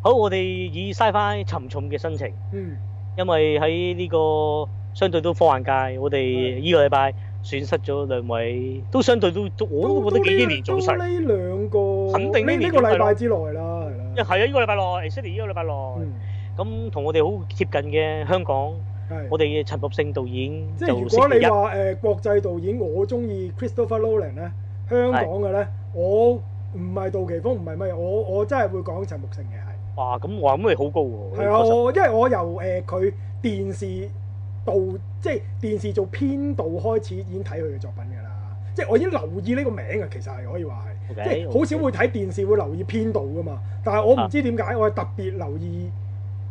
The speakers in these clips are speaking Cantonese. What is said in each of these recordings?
好，我哋已嘥翻沉重嘅心情，因為喺呢個相對都科幻界，我哋依個禮拜損失咗兩位，都相對都我都覺得幾英年早逝。呢兩個肯定呢呢個禮拜之內啦。一係啊，依個禮拜內，Easily 依個禮拜內，咁同我哋好接近嘅香港，我哋陳木勝導演就消失一。即係如果你話誒國際導演，我中意 Christopher Nolan 咧，香港嘅咧，我唔係杜琪峯，唔係乜嘢，我我真係會講陳木勝嘅。哇！咁我諗你好高喎。啊，因為我由誒佢、呃、電視度，即係電視做編導開始已經睇佢嘅作品㗎啦。即係我已經留意呢個名啊，其實係可以話係。Okay, 即係好少會睇電視會留意編導㗎嘛。但係我唔知點解我係特別留意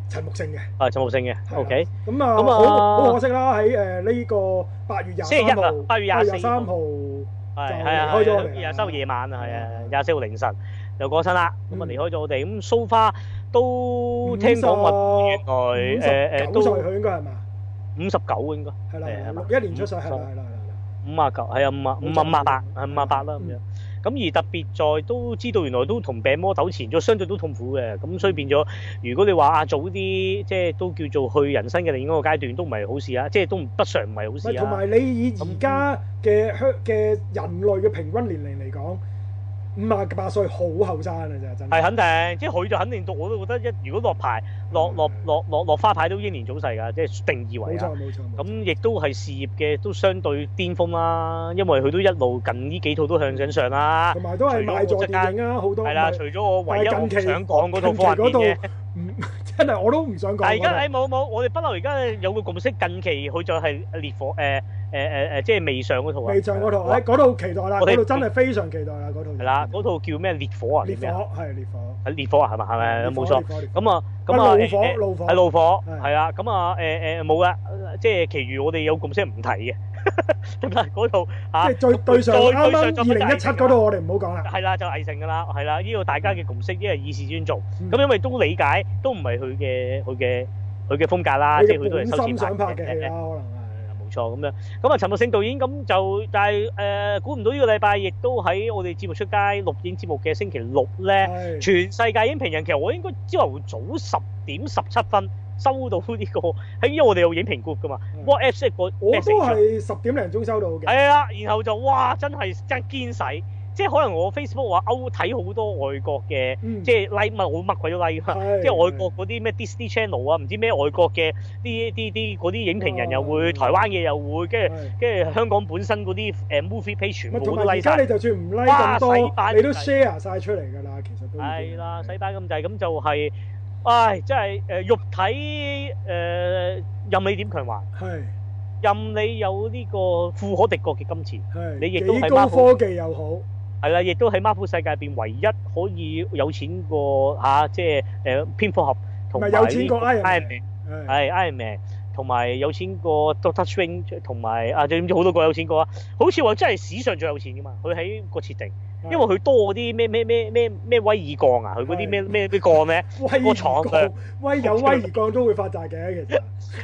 陳木勝嘅。誒、啊，陳木勝嘅。O K。咁、okay, uh, 啊，咁啊，好可惜啦！喺誒呢個八月廿四號。八月廿三號。係係啊，開咗。廿三號夜晚啊，係啊，廿四號凌晨又過身啦。咁、嗯、啊，就離開咗我哋。咁 so far。都聽講物原來、呃、都係佢應該係嘛？五十九嘅應該係啦，六一年出世係啦係啦五啊九係啊五啊五啊八百五啊八啦咁樣。咁而特別在都知道原來都同病魔糾纏咗，相對都痛苦嘅。咁所以變咗，如果你話阿早啲即係都叫做去人生嘅另一個階段，都唔係好事啊！即係都不,不常唔係好事啊。同埋你以而家嘅香嘅人類嘅平均年齡嚟講。嗯五啊八歲好後生，真係肯定，即係佢就肯定到，我都覺得一如果落牌，落落落落落花牌都英年早逝㗎，即係定義為。冇錯，冇錯。咁亦都係事業嘅都相對巔峰啦，因為佢都一路近呢幾套都向緊上啦。同埋都係咗作型啊，好多。係啦、啊，除咗我唯一我想講嗰套科幻片嘅。 真係我都唔想講。但係而家誒冇冇，我哋不嬲而家有個共識，近期佢就係烈火誒誒誒誒，即係未上嗰套啊。未上嗰套，我講得好期待啦！嗰度真係非常期待啦！嗰套。係啦，套、嗯、叫咩？烈火啊！烈火係烈火係烈火啊？係咪？係咪？冇錯。咁啊，咁、欸、啊，係、啊、怒火，係怒火，係、嗯、啊！咁、嗯、啊，誒、嗯、誒，冇、嗯、㗎，即、嗯、係其餘我哋有共識唔睇嘅。咁啦，嗰度嚇，即係對對上啱啱二零一七嗰度，我哋唔好講啦。係啦，就藝性噶啦，係啦，呢個大家嘅共識，因為以示尊重，咁因為都理解，都唔係佢嘅佢嘅佢嘅風格啦，即係佢都係收錢拍嘅。可能啊，冇錯咁樣。咁啊，陳木勝導演咁就，但係誒，估唔到呢個禮拜亦都喺我哋節目出街錄影節目嘅星期六咧，全世界影評人，其實我應該朝頭早十點十七分。收到呢、呢個，係因為我哋有影評 group 噶嘛。WhatsApp 一個我都係十點零鐘收到嘅。係啊，然後就哇，真係真堅洗，即係可能我 Facebook 話勾睇好多外國嘅、嗯，即係 like 咪好乜鬼都 like 啊，即係外國嗰啲咩 Disney Channel 啊，唔知咩外國嘅啲啲啲嗰啲影評人又會，的台灣嘅又會，跟住跟住香港本身嗰啲誒 movie page 全部都 like 晒。而家你就算唔 like 咁多，你都 share 晒出嚟㗎啦，其實都係啦，洗版咁滯，咁就係、是。唉，真係誒肉體誒任你點強橫，係任你有呢個富可敵國嘅金錢，係幾高科技又好，係啦，亦都喺 Marvel 世界入邊唯一可以有錢過，吓，即係誒蝙蝠俠同埋有錢過 Iron Man，係 Iron Man 同埋有錢過 Doctor Strange，同埋啊，點知好多個有錢過啊，好似話真係史上最有錢噶嘛，佢喺個設定。因為佢多嗰啲咩咩咩咩咩威爾鋼啊，佢嗰啲咩咩啲鋼咧， 威廠威、那個、有威爾鋼都會發大嘅、啊，其實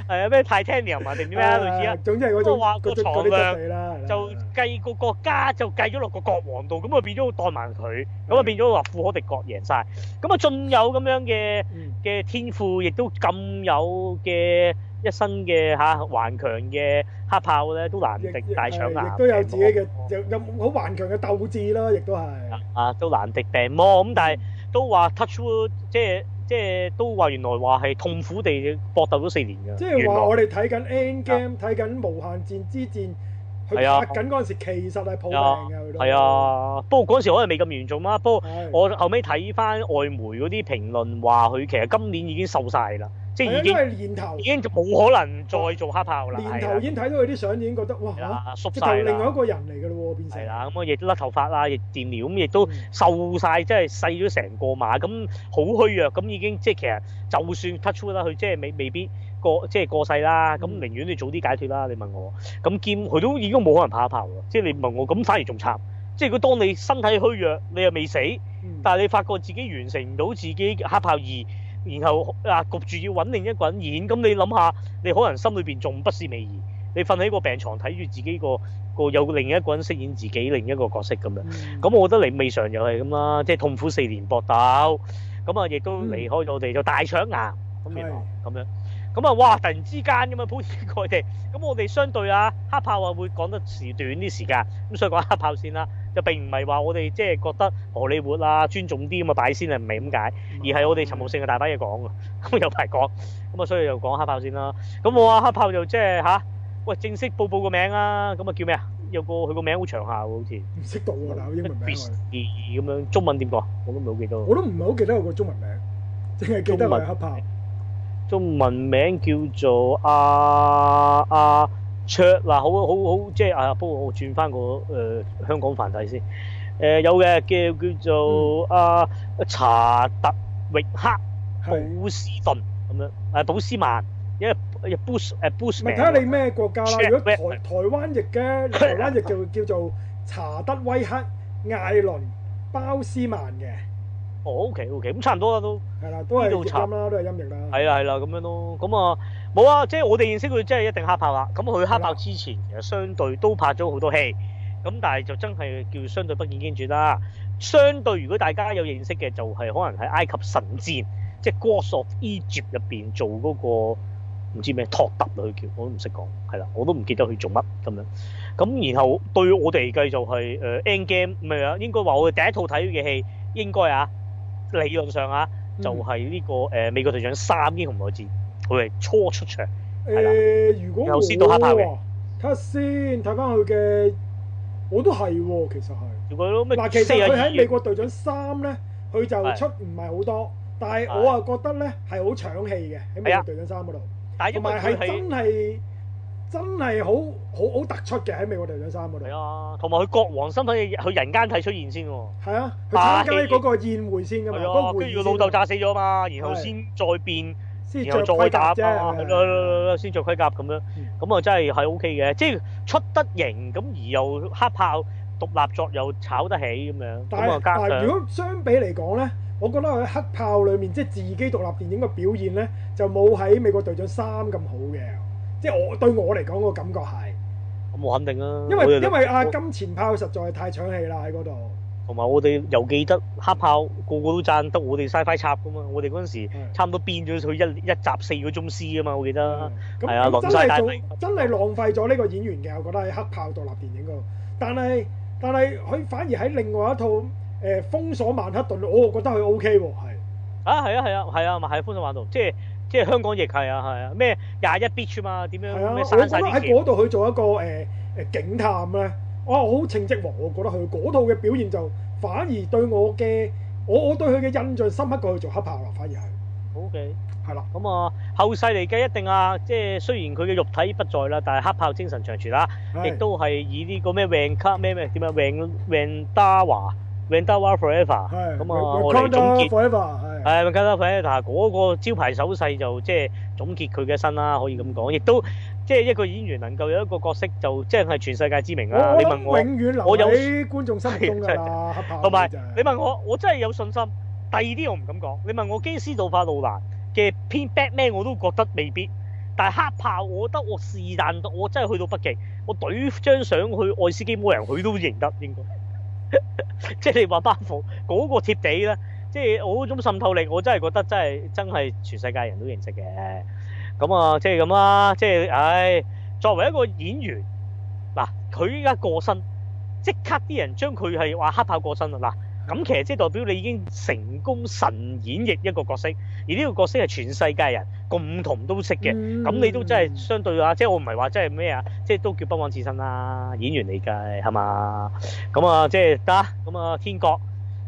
係啊咩 Titanium 定咩啊，啊類似啊，總之係嗰啲個廠啊，就計個國家就計咗落個國王度，咁啊變咗代埋佢，咁、嗯、啊變咗話富可敵國贏晒，咁啊仲有咁樣嘅嘅、嗯、天賦，亦都咁有嘅。一身嘅嚇頑強嘅黑豹咧，都難敵大腸癌。也也也都有自己嘅有有好頑強嘅鬥志啦，亦都係啊，都難敵病魔咁、嗯。但係都話 touch wood, 即係即係都話原來話係痛苦地搏鬥咗四年㗎。即係話我哋睇緊 Endgame 睇緊無限戰之戰，佢拍緊嗰陣時候其實係搏命係啊，不過嗰陣時可能未咁嚴重啦。不過我後尾睇翻外媒嗰啲評論話，佢其實今年已經瘦晒啦。即係已經，已經冇可能再做黑豹啦。年頭已經睇到佢啲相，已經覺得哇，呃、縮曬，係另外一個人嚟㗎咯，變成係啦。咁亦都甩頭髮啦，亦電療，咁亦都瘦晒，即係細咗成個碼，咁好虛弱，咁已經即係其實就算 touch up 啦，佢即係未未必過，即係過世啦。咁寧願你早啲解脫啦。你問我，咁兼佢都已經冇可能拍黑豹啦。即係你問我，咁反而仲慘。即係佢果當你身體虛弱，你又未死，但係你發覺自己完成唔到自己黑豹二。然後啊，焗住要搵另一個人演，咁你諗下，你可能心裏面仲不是味兒，你瞓喺個病床，睇住自己個個有另一個人飾演自己另一個角色咁樣，咁、嗯、我覺得你未嘗又係咁啦，即係痛苦四年搏鬥，咁啊亦都離開咗我哋、嗯，就大腸癌咁咁樣。咁啊，哇！突然之間咁啊，鋪天蓋地。咁我哋相對啊，黑豹啊會講得時短啲時間，咁所以講黑豹先啦。就並唔係話我哋即係覺得荷里活啦、啊，尊重啲咁啊，擺先啊，唔係咁解，而係我哋陳木勝嘅大把嘢講啊。咁 有排講，咁啊，所以又講黑豹先啦。咁我啊，黑豹就即係吓、啊，喂，正式報報個名啦。咁啊，叫咩啊？有個佢個名好長下喎，好似唔識讀喎，嗱，英文名 b i 咁樣，中文點讀我都唔好記得。我都唔係好記得有個中文名，淨係記得係黑豹。中文名叫做阿阿、啊啊、卓嗱，好好好，即係、呃呃嗯、啊！不過我轉翻個誒香港繁體先。誒有嘅叫叫做阿查德域克布斯頓咁樣，誒、啊、布斯曼，一一個布斯，誒睇下你咩國家啦？如果台台灣譯嘅，台灣譯就 叫做查德威克艾倫包斯曼嘅。.哦、oh，OK OK，咁差唔多啦都。係啦，都係慘啦，都係陰影啦。係啦係啦，咁樣咯。咁啊，冇啊，即係我哋認識佢，真係一定黑豹啦。咁佢黑豹之前，其實相對都拍咗好多戲。咁但係就真係叫相對不見經傳啦。相對如果大家有認識嘅，就係可能喺埃及神戰，即、就、係、是《Gods of Egypt》入面做嗰、那個唔知咩托特啊，佢叫我都唔識講，係啦，我都唔記得佢做乜咁樣。咁然後對我哋計就係 end game 係啊？呃、Endgame, 應該話我哋第一套睇嘅戲應該啊。理論上啊，就係呢個誒美國隊長三英雄內戰，佢係初出場，係啦，由先到黑豹嘅。睇下先，睇翻佢嘅，我都係喎，其實係。嗱，其實佢喺美國隊長三咧，佢就出唔係好多，但係我啊覺得咧係好搶戲嘅喺美國隊長三嗰度，同埋係真係。真係好好好突出嘅喺《美國隊長三》嗰度，係啊，同埋佢國王身份嘅佢人間睇出現先嘅喎，係啊，參加嗰個宴會先咁咯，跟住老豆炸死咗嘛，然後先再變，然後再盔甲，先著盔甲咁樣，咁啊真係係 OK 嘅，即係出得型，咁而又黑豹獨立作又炒得起咁樣，咁啊加上，但係如果相比嚟講咧，我覺得喺黑豹裏面即係自己獨立電影嘅表現咧，就冇喺《美國隊長三》咁好嘅。即係我對我嚟講個感覺係，我肯定啊，因為因為阿金錢豹實在太搶戲啦喺嗰度。同埋我哋又記得黑豹個個都讚得我哋西非插㗎嘛，我哋嗰陣時差唔多變咗佢一一集四個鐘絲啊嘛，我記得。咁真係真係浪費咗呢個演員嘅，我覺得喺黑豹獨立電影嗰度。但係但係佢反而喺另外一套誒封鎖曼克頓，我又覺得佢 OK 喎。係啊，係啊，係啊，係啊，咪係封鎖曼克頓，即係。即係香港亦係，啊，係，啊咩廿一 Bridges 嘛，點樣慘曬啲錢喺嗰度去做一個誒誒警探咧，我好稱職喎！我覺得佢嗰套嘅表現就反而對我嘅我我對佢嘅印象深刻過去做黑豹啦，反而係 OK 係啦。咁啊後世嚟計一定啊，即係雖然佢嘅肉體不在啦，但係黑豹精神長存啦，亦都係以呢個咩 Wakanda 咩咩點啊 Win Win Da 華。Wakanda Forever，咁啊，我嚟總結，係 Wakanda Forever，嗰、那個招牌手勢就即係總結佢嘅身啦，可以咁講，亦都即係一個演員能夠有一個角色就即係全世界知名啦。你問我永遠留喺觀眾心入邊啦，同埋你問我，我真係有信心。第二啲我唔敢講。你問我基斯杜化路蘭嘅片 Batman 我都覺得未必。但係黑豹，我覺得我是但我真係去到北極，我懟張相去愛斯基摩人，佢都認得應該。即係你話包袱嗰個貼地咧，即係我嗰種滲透力，我真係覺得真係真係全世界人都認識嘅。咁啊，即係咁啦，即係唉，作為一個演員，嗱，佢依家過身，即刻啲人將佢係話黑豹過身啦，嗱。咁其實即係代表你已經成功神演繹一個角色，而呢個角色係全世界人共同都識嘅。咁你都真係相對啊，即係我唔係話真係咩啊，即係都叫不枉此生啦，演員嚟計係嘛。咁啊，即係得啦。咁啊，天國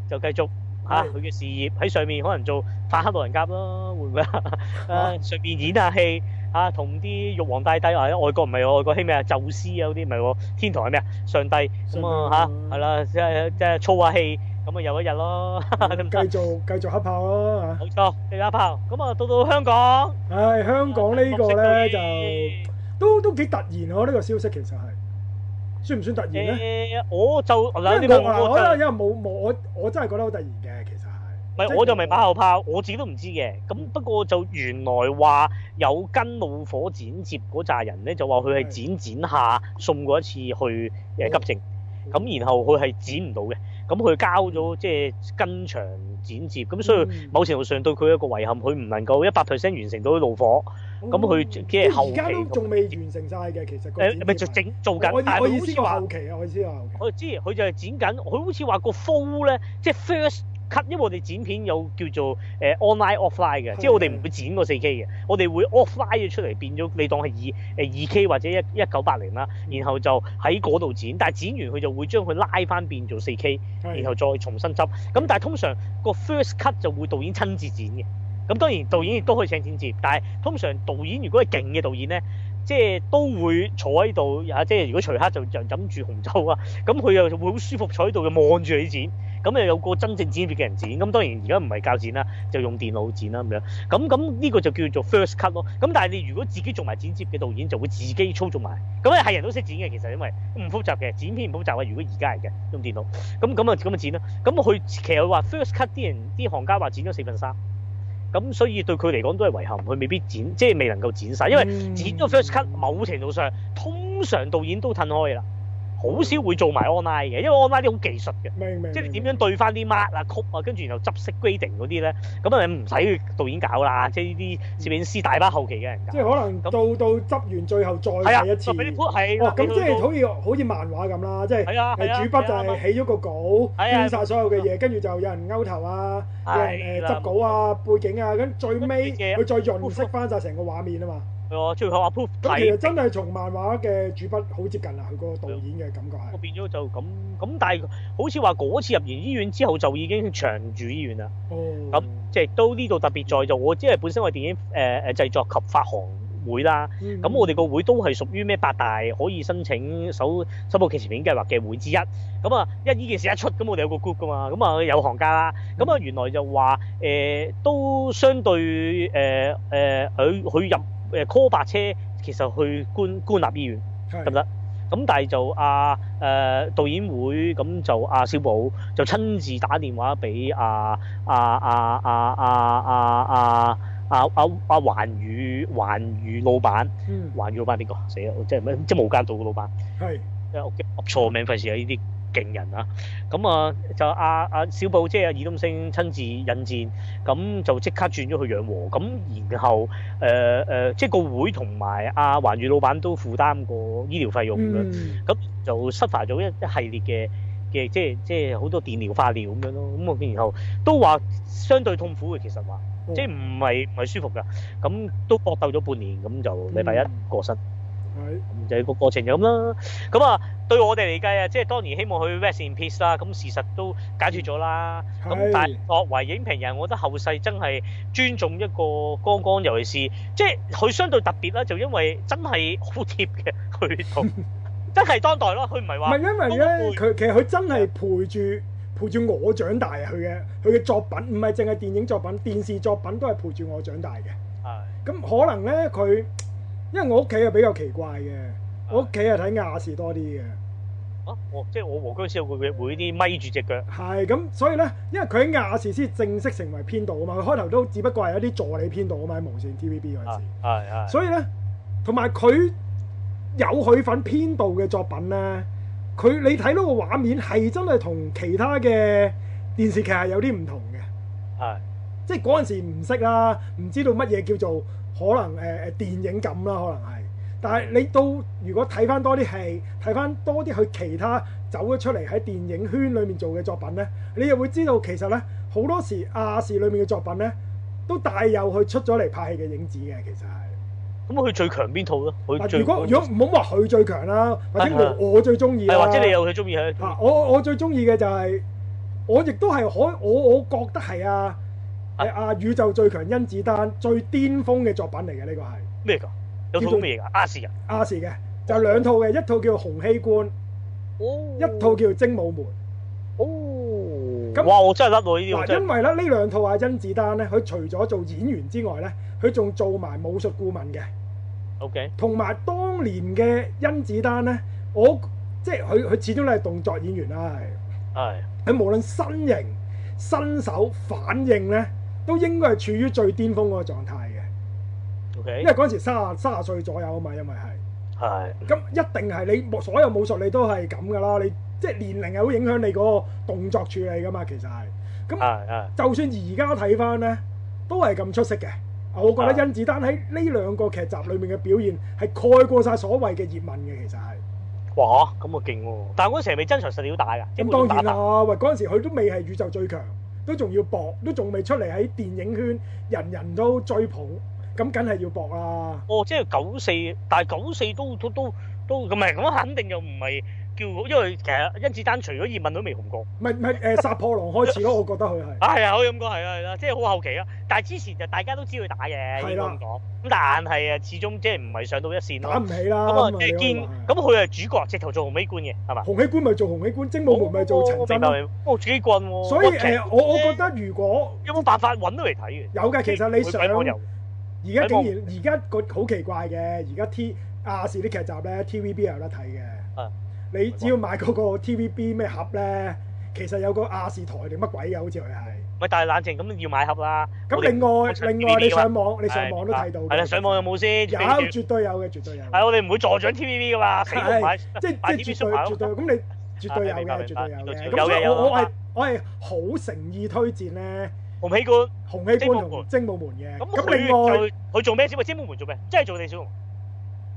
就繼續嚇佢嘅事業喺上面，可能做反黑老人甲咯，會唔會啊？誒，順便演下戲嚇，同啲玉皇大帝或者外國唔係外國，係咩啊？宙斯啊嗰啲唔係喎，天堂係咩啊？上帝咁啊嚇，係啦，即係即係操下戲。咁咪又一日咯、 嗯，繼續繼續黑豹咯冇錯，繼續黑豹、啊。咁啊，到到香港。唉、哎，香港個呢個咧、嗯、就都都幾突然嗬、啊，呢、這個消息其實係算唔算突然咧、欸？我就嗱，你冇話因為冇冇我,我,我，我真係覺得好突然嘅，其實係。唔、就是、我就唔係馬後炮，我自己都唔知嘅。咁不過就原來話有跟怒火剪接嗰扎人咧，就話佢係剪剪下送過一次去誒急症，咁、哦、然後佢係剪唔到嘅。咁佢交咗即係跟場剪接，咁所以某程度上對佢一個遺憾，佢唔能夠一百 percent 完成到啲怒火。咁、嗯、佢、嗯、即係後期，仲未完成晒嘅，其實個剪，誒，就整做緊。我我意思話，我意思話、啊，我知、啊，佢就係剪緊，佢好似話個 full 咧，即係 first。cut，因為我哋剪片有叫做誒 online offline 嘅，即係我哋唔會剪個四 k 嘅，我哋會 offline 咗出嚟變咗你當係二誒 2K 或者一一九八零啦，然後就喺嗰度剪，但係剪完佢就會將佢拉翻變做四 k，然後再重新執。咁但係通常個 first cut 就會導演親自剪嘅，咁當然導演亦都可以請剪接，但係通常導演如果係勁嘅導演咧，即係都會坐喺度，即係如果徐克就就飲住紅酒啊，咁佢又會好舒服坐喺度，又望住你剪。咁又有個真正剪片嘅人剪，咁當然而家唔係教剪啦，就用電腦剪啦咁樣。咁咁呢個就叫做 first cut 咯。咁但係你如果自己做埋剪接嘅導演，就會自己操作埋。咁係人都識剪嘅，其實因為唔複雜嘅剪片唔複雜啊。如果而家嘅用電腦，咁咁啊咁啊剪啦。咁佢其實話 first cut 啲人啲行家話剪咗四分三，咁所以對佢嚟講都係遺憾，佢未必剪，即係未能夠剪晒，因為剪咗 first cut，某程度上通常導演都褪開啦。好少會做埋 online 嘅，因為 online 啲好技術嘅，即係你點樣對翻啲 mark 啊曲啊，跟、啊、住然，然後執式 grading 嗰啲咧，咁啊唔使導演搞啦，即係呢啲攝影師大把後期嘅人、嗯、即係可能到、嗯、到執完最後再係一次，係咁、啊就是啊啊哦、即係好似好似漫畫咁啦，即係誒、啊啊、主筆就係起咗個稿，編曬、啊啊、所有嘅嘢，跟住、啊、就有人勾頭啊，啊有人執稿啊，啊背景啊，跟、啊、最尾佢再潤色翻曬成個畫面啊嘛。啊，最後阿 Proof 睇真係從漫畫嘅主筆好接近啊，佢個導演嘅感覺我變咗就咁。咁但係好似話嗰次入完醫院之後就已經長住醫院啦。哦、嗯，咁即係都呢度特別在就、嗯、我即係本身我係電影誒製作及發行會啦。咁、嗯、我哋個會都係屬於咩八大可以申請首首部劇情片計劃嘅會之一。咁啊，因為呢件事一出咁我哋有個 group 噶嘛，咁啊有行家啦。咁、嗯、啊原來就話、呃、都相對誒佢佢入。誒 call 白車，其實去官立醫院得唔得？咁但係就阿、啊呃、導演會，咁就阿、啊、小寶就親自打電話俾阿阿阿阿環宇環宇老闆，嗯、環宇老闆邊個？死啦！即係咩？即係無間道嘅老闆。錯 名費事啊！呢啲。勁人啊！咁啊就阿、啊、阿、啊、小布即阿爾冬陞親自引薦，咁就即刻轉咗去養和。咁然後誒誒、呃呃，即係個會同埋阿環宇老闆都負擔過醫療費用㗎。咁、嗯、就失發咗一一系列嘅嘅，即係即係好多電療化療咁樣咯。咁啊，然後都話相對痛苦嘅，其實話、嗯、即係唔係唔係舒服㗎。咁都搏鬥咗半年，咁就禮拜一過身。嗯咁就係個過程就咁啦。咁啊，對我哋嚟計啊，即係當然希望佢 rest in peace 啦。咁事實都解決咗啦。咁但係作為影評人，我覺得後世真係尊重一個剛剛，尤其是即係佢相對特別啦，就因為真係好貼嘅佢， 真係當代咯。佢唔係話唔係因為咧，佢其實佢真係陪住陪住我長大啊！佢嘅佢嘅作品唔係淨係電影作品，電視作品都係陪住我長大嘅。係咁可能咧，佢。因為我屋企係比較奇怪嘅，我屋企係睇亞視多啲嘅。啊，即係、就是、我和姜思樂會會啲咪住隻腳。係咁，所以咧，因為佢喺亞視先正式成為編導嘛，佢開頭都只不過係有啲助理編導啊嘛，喺無線 TVB 嗰陣時。係係。所以咧，同埋佢有佢份編導嘅作品咧，佢你睇到個畫面係真係同其他嘅電視劇係有啲唔同嘅。係。即係嗰陣時唔識啦，唔知道乜嘢叫做。可能誒誒、呃、電影咁啦，可能係。但係你到如果睇翻多啲戲，睇翻多啲去其他走咗出嚟喺電影圈裏面做嘅作品咧，你又會知道其實咧好多時亞視裏面嘅作品咧都帶有佢出咗嚟拍戲嘅影子嘅，其實係。咁佢最強邊套咧？如果如果唔好話佢最強啦，或者我我最中意、啊、或者你有佢中意喺？我我最中意嘅就係、是、我亦都係可我我覺得係啊。係、啊、阿、啊、宇宙最強甄子丹最巔峰嘅作品嚟嘅呢個係咩噶？有一套咩噶？亞視嘅，亞視嘅就兩、是、套嘅，一套叫做《洪熙官》，哦，一套叫做《精武門》，哦，咁、嗯、哇，我真係得到呢啲，啊、因為咧呢兩套阿甄子丹咧，佢除咗做演員之外咧，佢仲做埋武術顧問嘅。O K，同埋當年嘅甄子丹咧，我即係佢，佢始終都係動作演員啦，係、哎、係，佢無論身形、身手、反應咧。都應該係處於最巔峰嗰個狀態嘅，OK，因為嗰陣時卅卅歲左右啊嘛，因為係，係，咁一定係你冇所有武術，你都係咁噶啦，你即係年齡係好影響你嗰個動作處理噶嘛，其實係，咁，係係，就算而家睇翻呢，都係咁出色嘅。我覺得甄子丹喺呢兩個劇集裏面嘅表現係蓋過晒所謂嘅葉問嘅，其實係，哇，咁啊勁喎！但嗰時未真材實料打㗎，咁當然啊，喂，嗰陣時佢都未係宇宙最強。都仲要搏，都仲未出嚟喺電影圈，人人都追捧，咁梗係要搏啦。哦，即係九四，但係九四都都都都唔係咁，肯定又唔係。叫因為其實甄子丹除咗葉問都未紅過，唔係唔係誒，殺破狼開始咯，我覺得佢係。係啊，可以咁講係啊，係啦、啊啊啊，即係好後期啊。但係之前就大家都知佢打嘅，唔講咁但係誒，始終即係唔係上到一線。打唔起啦。咁、嗯嗯、啊，即係見咁佢係主角，直頭做洪熙官嘅，係嘛？洪熙官咪做洪熙官，精武門咪做陳真咯、啊。哦，自己棍喎、啊。所以誒、哦呃，我我覺得如果有冇辦法揾到嚟睇嘅？有嘅，其實你想而家竟然而家個好奇怪嘅，而家 T 亞視啲劇集咧，TVB 有得睇嘅。係。你只要買嗰個 TVB 咩盒咧，其實有個亞視台定乜鬼嘢，好似又係。咪但係冷靜，咁要買盒啦。咁另外另外你上網，你上網都睇到。係啦，上網有冇先？有絕對有嘅，絕對有。係我哋唔會助長 TVB 噶嘛，即係絕對絕對。咁你絕對有嘅，絕對有嘅。有嘢有。我係我係好誠意推薦咧，洪熙官、洪熙官同精武門嘅。咁另外佢做咩先？精武門做咩？即係做地小龍。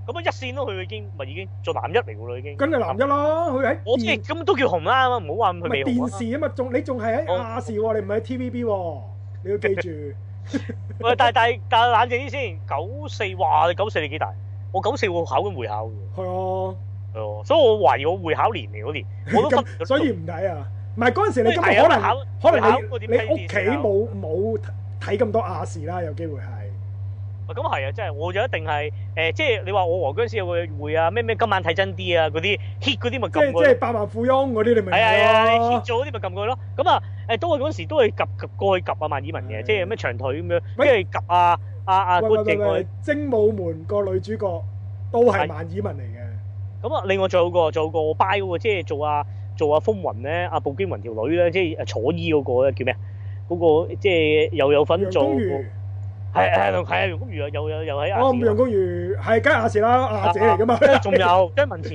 咁啊，一線都佢已經咪已經做男一嚟噶啦，已經。跟咪男一咯，佢喺我知。咁都叫紅啦，唔好話佢未紅。咪電視啊嘛，仲你仲係喺亞視喎，你唔喺、哦、TVB 喎、哦，你要記住。喂， 大大，大冷靜啲先。九四，話你九四你幾大？我九四喎，考緊會考嘅。係啊。係喎、哦，所以我懷疑我會考年嚟嗰年。咁， 所以唔抵啊！唔係嗰陣時，你根本、啊、可能考，可能考你。你屋企冇冇睇咁多亞視啦，有機會係。咁係啊，真、嗯、係、嗯、我就一定係、嗯就是，即係你話我和姜有會會啊，咩咩今晚睇真啲啊，嗰啲 hit 嗰啲咪撳佢即係百萬富翁嗰啲，你咪係啊 hit 咗嗰啲咪撳佢咯。咁啊都係嗰陣時都係及及過去及啊，萬綺雯嘅，即係咩長腿咁樣，跟住及啊啊啊官，靖嗰精武門個女主角都係萬綺雯嚟嘅。咁啊，另外仲有個仲有個 by 嗰、那個、即係做啊做啊，做啊風雲咧，阿步驚雲條女咧，即係楚依嗰個咧，叫咩嗰、那個即係又有，有份做。做那個係係楊楊恭如又又又又喺阿哦，楊恭如係梗係亞視啦，亞姐嚟噶嘛？仲有張文慈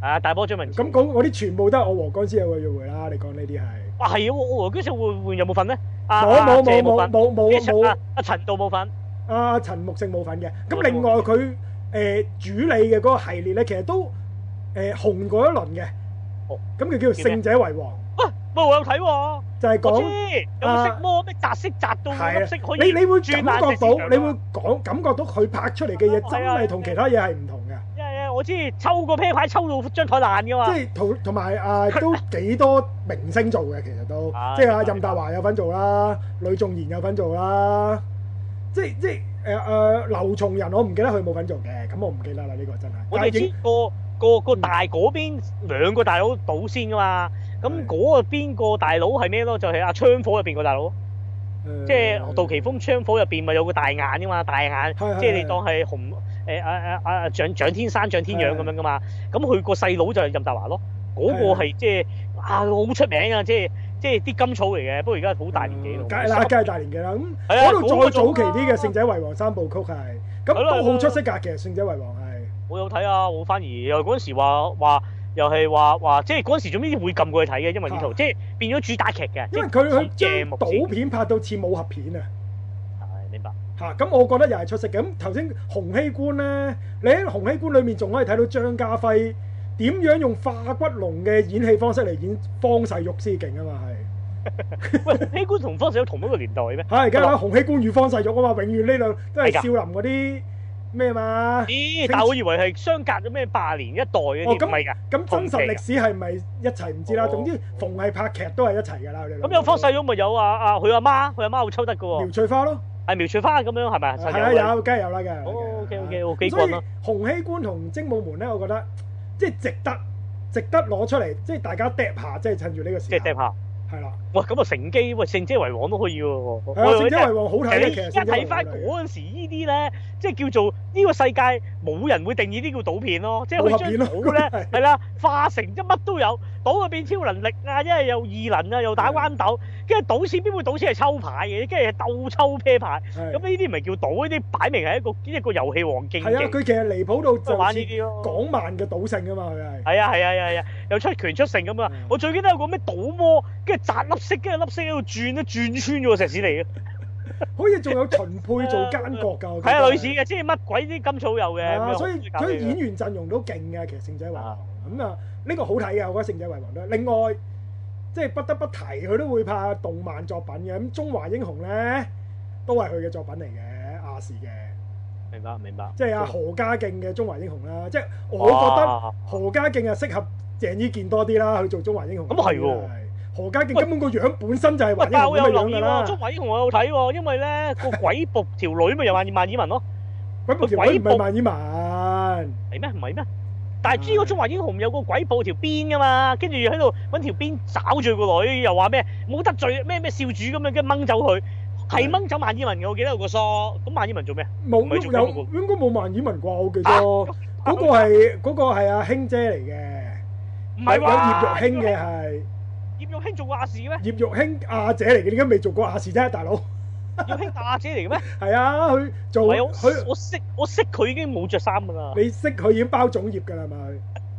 啊，大波張文慈。咁講我啲全部都係我和殭屍有嘅約會啦。你講呢啲係哇係啊，我和殭屍會換有冇份咧？冇冇冇冇冇冇啊！阿陳道冇份，阿陳木勝冇份嘅。咁另外佢誒主理嘅嗰個系列咧，其實都誒紅過一輪嘅。哦，咁佢叫做勝者為王。冇有睇喎、啊，就係、是、講有，有色魔，咩、啊、雜色雜到入、啊、色紮到，你會感覺到，你會講感覺到佢拍出嚟嘅嘢真係同其他嘢係唔同嘅。因為、啊啊啊啊啊啊、我知抽個啤牌抽到張台爛嘅嘛，即係同同埋啊都幾多明星做嘅，其實都、哎、即係阿任達華有份做啦，呂仲賢有份做啦，即係即係誒誒劉松仁，我唔記得佢冇份做嘅，咁我唔記得啦。呢、這個真係。我哋知個個個大嗰邊、嗯、兩個大佬賭先嘅嘛。咁嗰個邊個大佬係咩咯？就係阿槍火入邊個大佬、嗯，即係杜琪峰槍火入邊咪有個大眼噶嘛？大眼、嗯、即係你當係紅誒阿阿阿阿長天生長天養咁樣噶嘛？咁、嗯、佢、嗰個細佬就係任達華咯。嗰、嗰個係即係啊好出名啊！即係即係啲金草嚟嘅，不過而家好大年紀咯。梗係嗱，梗係大年紀啦。咁嗰度再早期啲嘅、嗯《聖者為王》三部曲係，咁都好出色格嘅《聖者為王》係。我有睇啊，我反而嗰陣時話話。又係話話，即係嗰陣時做咩會撳過去睇嘅？因為呢套、啊、即係變咗主打劇嘅。因為佢佢將賭片拍到似武俠片啊！係明白。嚇、啊、咁，我覺得又係出色嘅。咁頭先洪熙官咧，你喺洪熙官裏面仲可以睇到張家輝點樣用化骨龍嘅演戲方式嚟演方世玉先勁啊嘛係。洪熙官同方世玉同一個年代咩？係、啊，而家洪熙官與方世玉啊嘛，永遠呢兩都係少林嗰啲。咩嘛？咦，但我以為係相隔咗咩百年一代嘅，唔係㗎。咁、啊、真實歷史係咪一齊唔知啦、啊哦。總之，哦、逢係拍劇都係一齊㗎啦。咁、哦、有方世玉咪有啊？啊，佢阿媽，佢阿媽好抽得㗎喎。苗翠花咯，係苗翠花咁樣係咪？係啊，有，梗係有啦，嘅、哦。O K O K，好幾棍咯。洪熙官同精武門咧，我覺得即係值得，值得攞出嚟，即係大家 drop 下，即係趁住呢個時間。係啦，喂，咁啊乘機，喂，勝者為王都可以喎，勝者為王好睇，一睇翻嗰陣時依啲咧，即係叫做呢個世界冇人會定義呢叫賭片咯，即係佢將賭咧係啦化成即乜都有，賭就變超能力啊，一係又異能啊，又打彎斗。跟住賭錢邊會賭錢係抽牌嘅，跟住鬥抽啤牌，咁呢啲唔係叫賭，呢啲擺明係一個一個遊戲王勁嘅。係啊，佢其實離譜到做玩呢啲港漫嘅賭聖啊嘛，佢係。係啊係啊係啊，啊，啊，又出拳出勝咁啊！我最記得有個咩賭魔，跟住擲粒色，跟住粒色喺度轉咧，轉穿咗個石屎嚟嘅。好似仲有秦配做奸角㗎？係啊，類似嘅，即係乜鬼啲甘草友嘅。所以佢演員陣容都勁嘅，其實《勝者為王》咁啊，呢個好睇啊！我覺得《勝者、啊啊啊、為王》都、嗯這個。另外。即係不得不提，佢都會拍動漫作品嘅。咁《中華英雄》咧都係佢嘅作品嚟嘅亞視嘅。明白，明白。即係阿何家勁嘅《中華英雄》啦、啊。即係我覺得何家勁啊適合鄭伊健多啲啦，去做《中華英雄》啊。咁啊係喎。何家勁根本個樣本身就係《中華英雄》好有留意啦。啊《中華英雄》我有睇喎，因為咧 個鬼僕條女咪又萬萬綺雯咯。鬼僕條女唔係萬綺雯，係 咩？唔係咩？但係知個《中華英雄》有個鬼步條鞭噶嘛，跟住喺度揾條鞭抓住個女，又話咩冇得罪咩咩少主咁樣，跟掹走佢係掹走萬綺雯嘅，我記得有個疏。咁萬綺雯做咩啊？冇有應該冇萬綺雯啩，我記得嗰個係嗰個係阿卿姐嚟嘅，唔係話葉玉卿嘅。係葉玉卿做過亞視嘅咩？葉玉卿亞姐嚟嘅，點解未做過亞視啫，大佬？要興打姐嚟嘅咩？係啊，佢做係我佢我識我識佢已經冇着衫㗎啦。你識佢已經包粽葉㗎啦，係咪？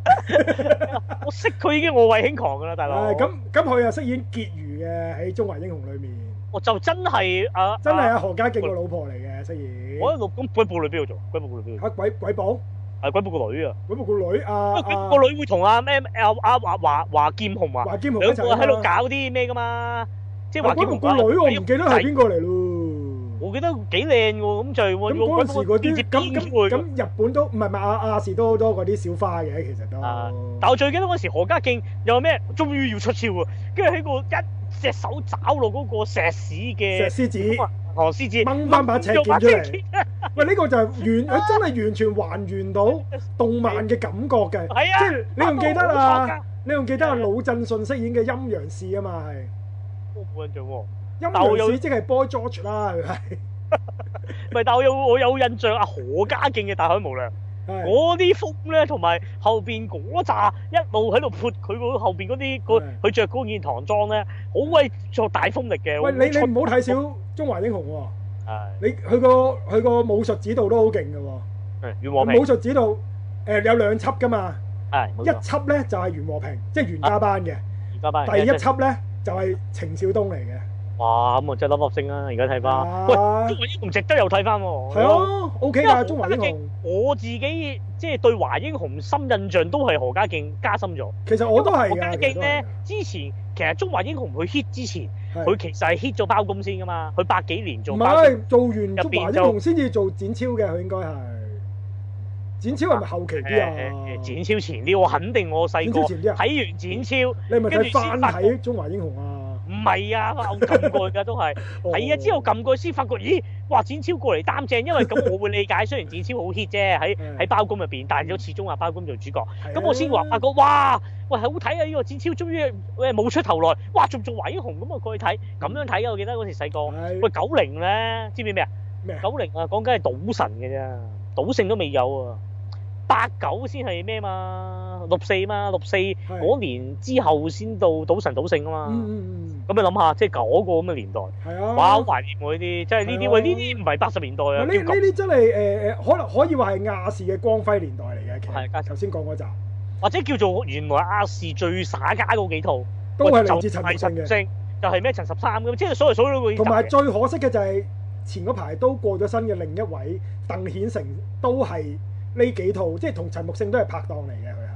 我識佢已經我為卿狂㗎啦，大佬、嗯。咁咁，佢又飾演結餘嘅喺《中華英雄》裏面。我就真係啊！真係阿何家勁個老婆嚟嘅七姨。我喺度，咁、啊啊、鬼僕裏邊做鬼僕，女，邊做嚇鬼鬼僕。係鬼僕個女啊！鬼僕個女啊！個女會同阿 ML，阿華華華劍雄啊，兩個喺度搞啲咩㗎嘛？即係話個女，我唔記得係邊個嚟咯。我記得幾靚嘅，咁就我、是、嗰時嗰啲咁日本都唔係唔係亞亞視都好多嗰啲小花嘅，其實都、啊。但我最記得嗰時何家勁有咩，終於要出招啊！跟住喺個一隻手抓落嗰個石屎嘅石獅子，何、嗯、獅、哦、子掹翻把尺劍出嚟。喂、啊，呢個就係完，佢、啊、真係完全還原到動漫嘅感覺嘅。係啊，即係你仲記得啊？你仲記得阿、啊、魯、啊啊啊、振順飾演嘅陰陽師啊嘛？係。印象喎，但係又即係 Boy George 啦，係咪？咪但係我有我有印象啊，何家勁嘅《大海無量》，嗰啲風咧，同埋後邊嗰扎一路喺度撥佢個後邊嗰啲，佢佢著嗰件唐裝咧，好鬼，做大風力嘅。喂，你你唔好睇小《中華英雄》喎，你佢個佢個武術指導都好勁㗎喎。袁和平武術指導，誒有兩輯㗎嘛，一輯咧就係袁和平，即係袁家班嘅，第一輯咧。就係、是、程小東嚟嘅。哇，咁啊真係粒粒星啦！而家睇翻，喂，中華英雄值得又睇翻喎。係啊，O K 啊，中華英雄。我自己即係對華英雄深印象都係何家勁加深咗。其實我都係何家勁咧，之前其實中華英雄佢 hit 之前，佢其實係 hit 咗包公先㗎嘛。佢百幾年做。包公。唔係，做完華英雄先至做展超嘅，佢應該係。展昭係咪後期啲啊？展昭前啲喎，我肯定我細個睇完展昭、嗯，你係咪跟住先睇《中華英雄》啊？唔係啊，我撳過嘅都係，係、 哦、啊，之後撳過先發覺，咦？哇！展昭過嚟擔正，因為咁我會理解， 雖然展昭好 hit 啫，喺喺包公入邊，但係都始終係包公做主角。咁、啊、我先話發覺，哇！喂，好睇啊！呢個展昭終於誒冇出頭來，哇！做做華英雄咁啊、嗯，過去睇咁樣睇嘅，我記得嗰時細個。是啊、喂，九零咧，知唔知咩啊？咩？九零啊，講緊係賭神嘅啫，賭聖都未有啊。八九先係咩嘛？六四嘛？六四嗰年之後先到賭神賭聖啊嘛！咁你諗下，即係舊個咁嘅年代，哇！懷念嗰啲，即係呢啲喂，呢啲唔係八十年代啊！呢呢啲真係誒誒，可能可以話係亞視嘅光輝年代嚟嘅。其實，頭先講嗰集，或者叫做原來亞視最耍家嗰幾套，都係嚟自陳木勝嘅，又係咩陳十三咁，即、就、係、是、數嚟數去。同埋最可惜嘅就係、是、前嗰排都過咗身嘅另一位鄧衍成，都係。呢幾套即係同陳木勝都係拍檔嚟嘅，佢係。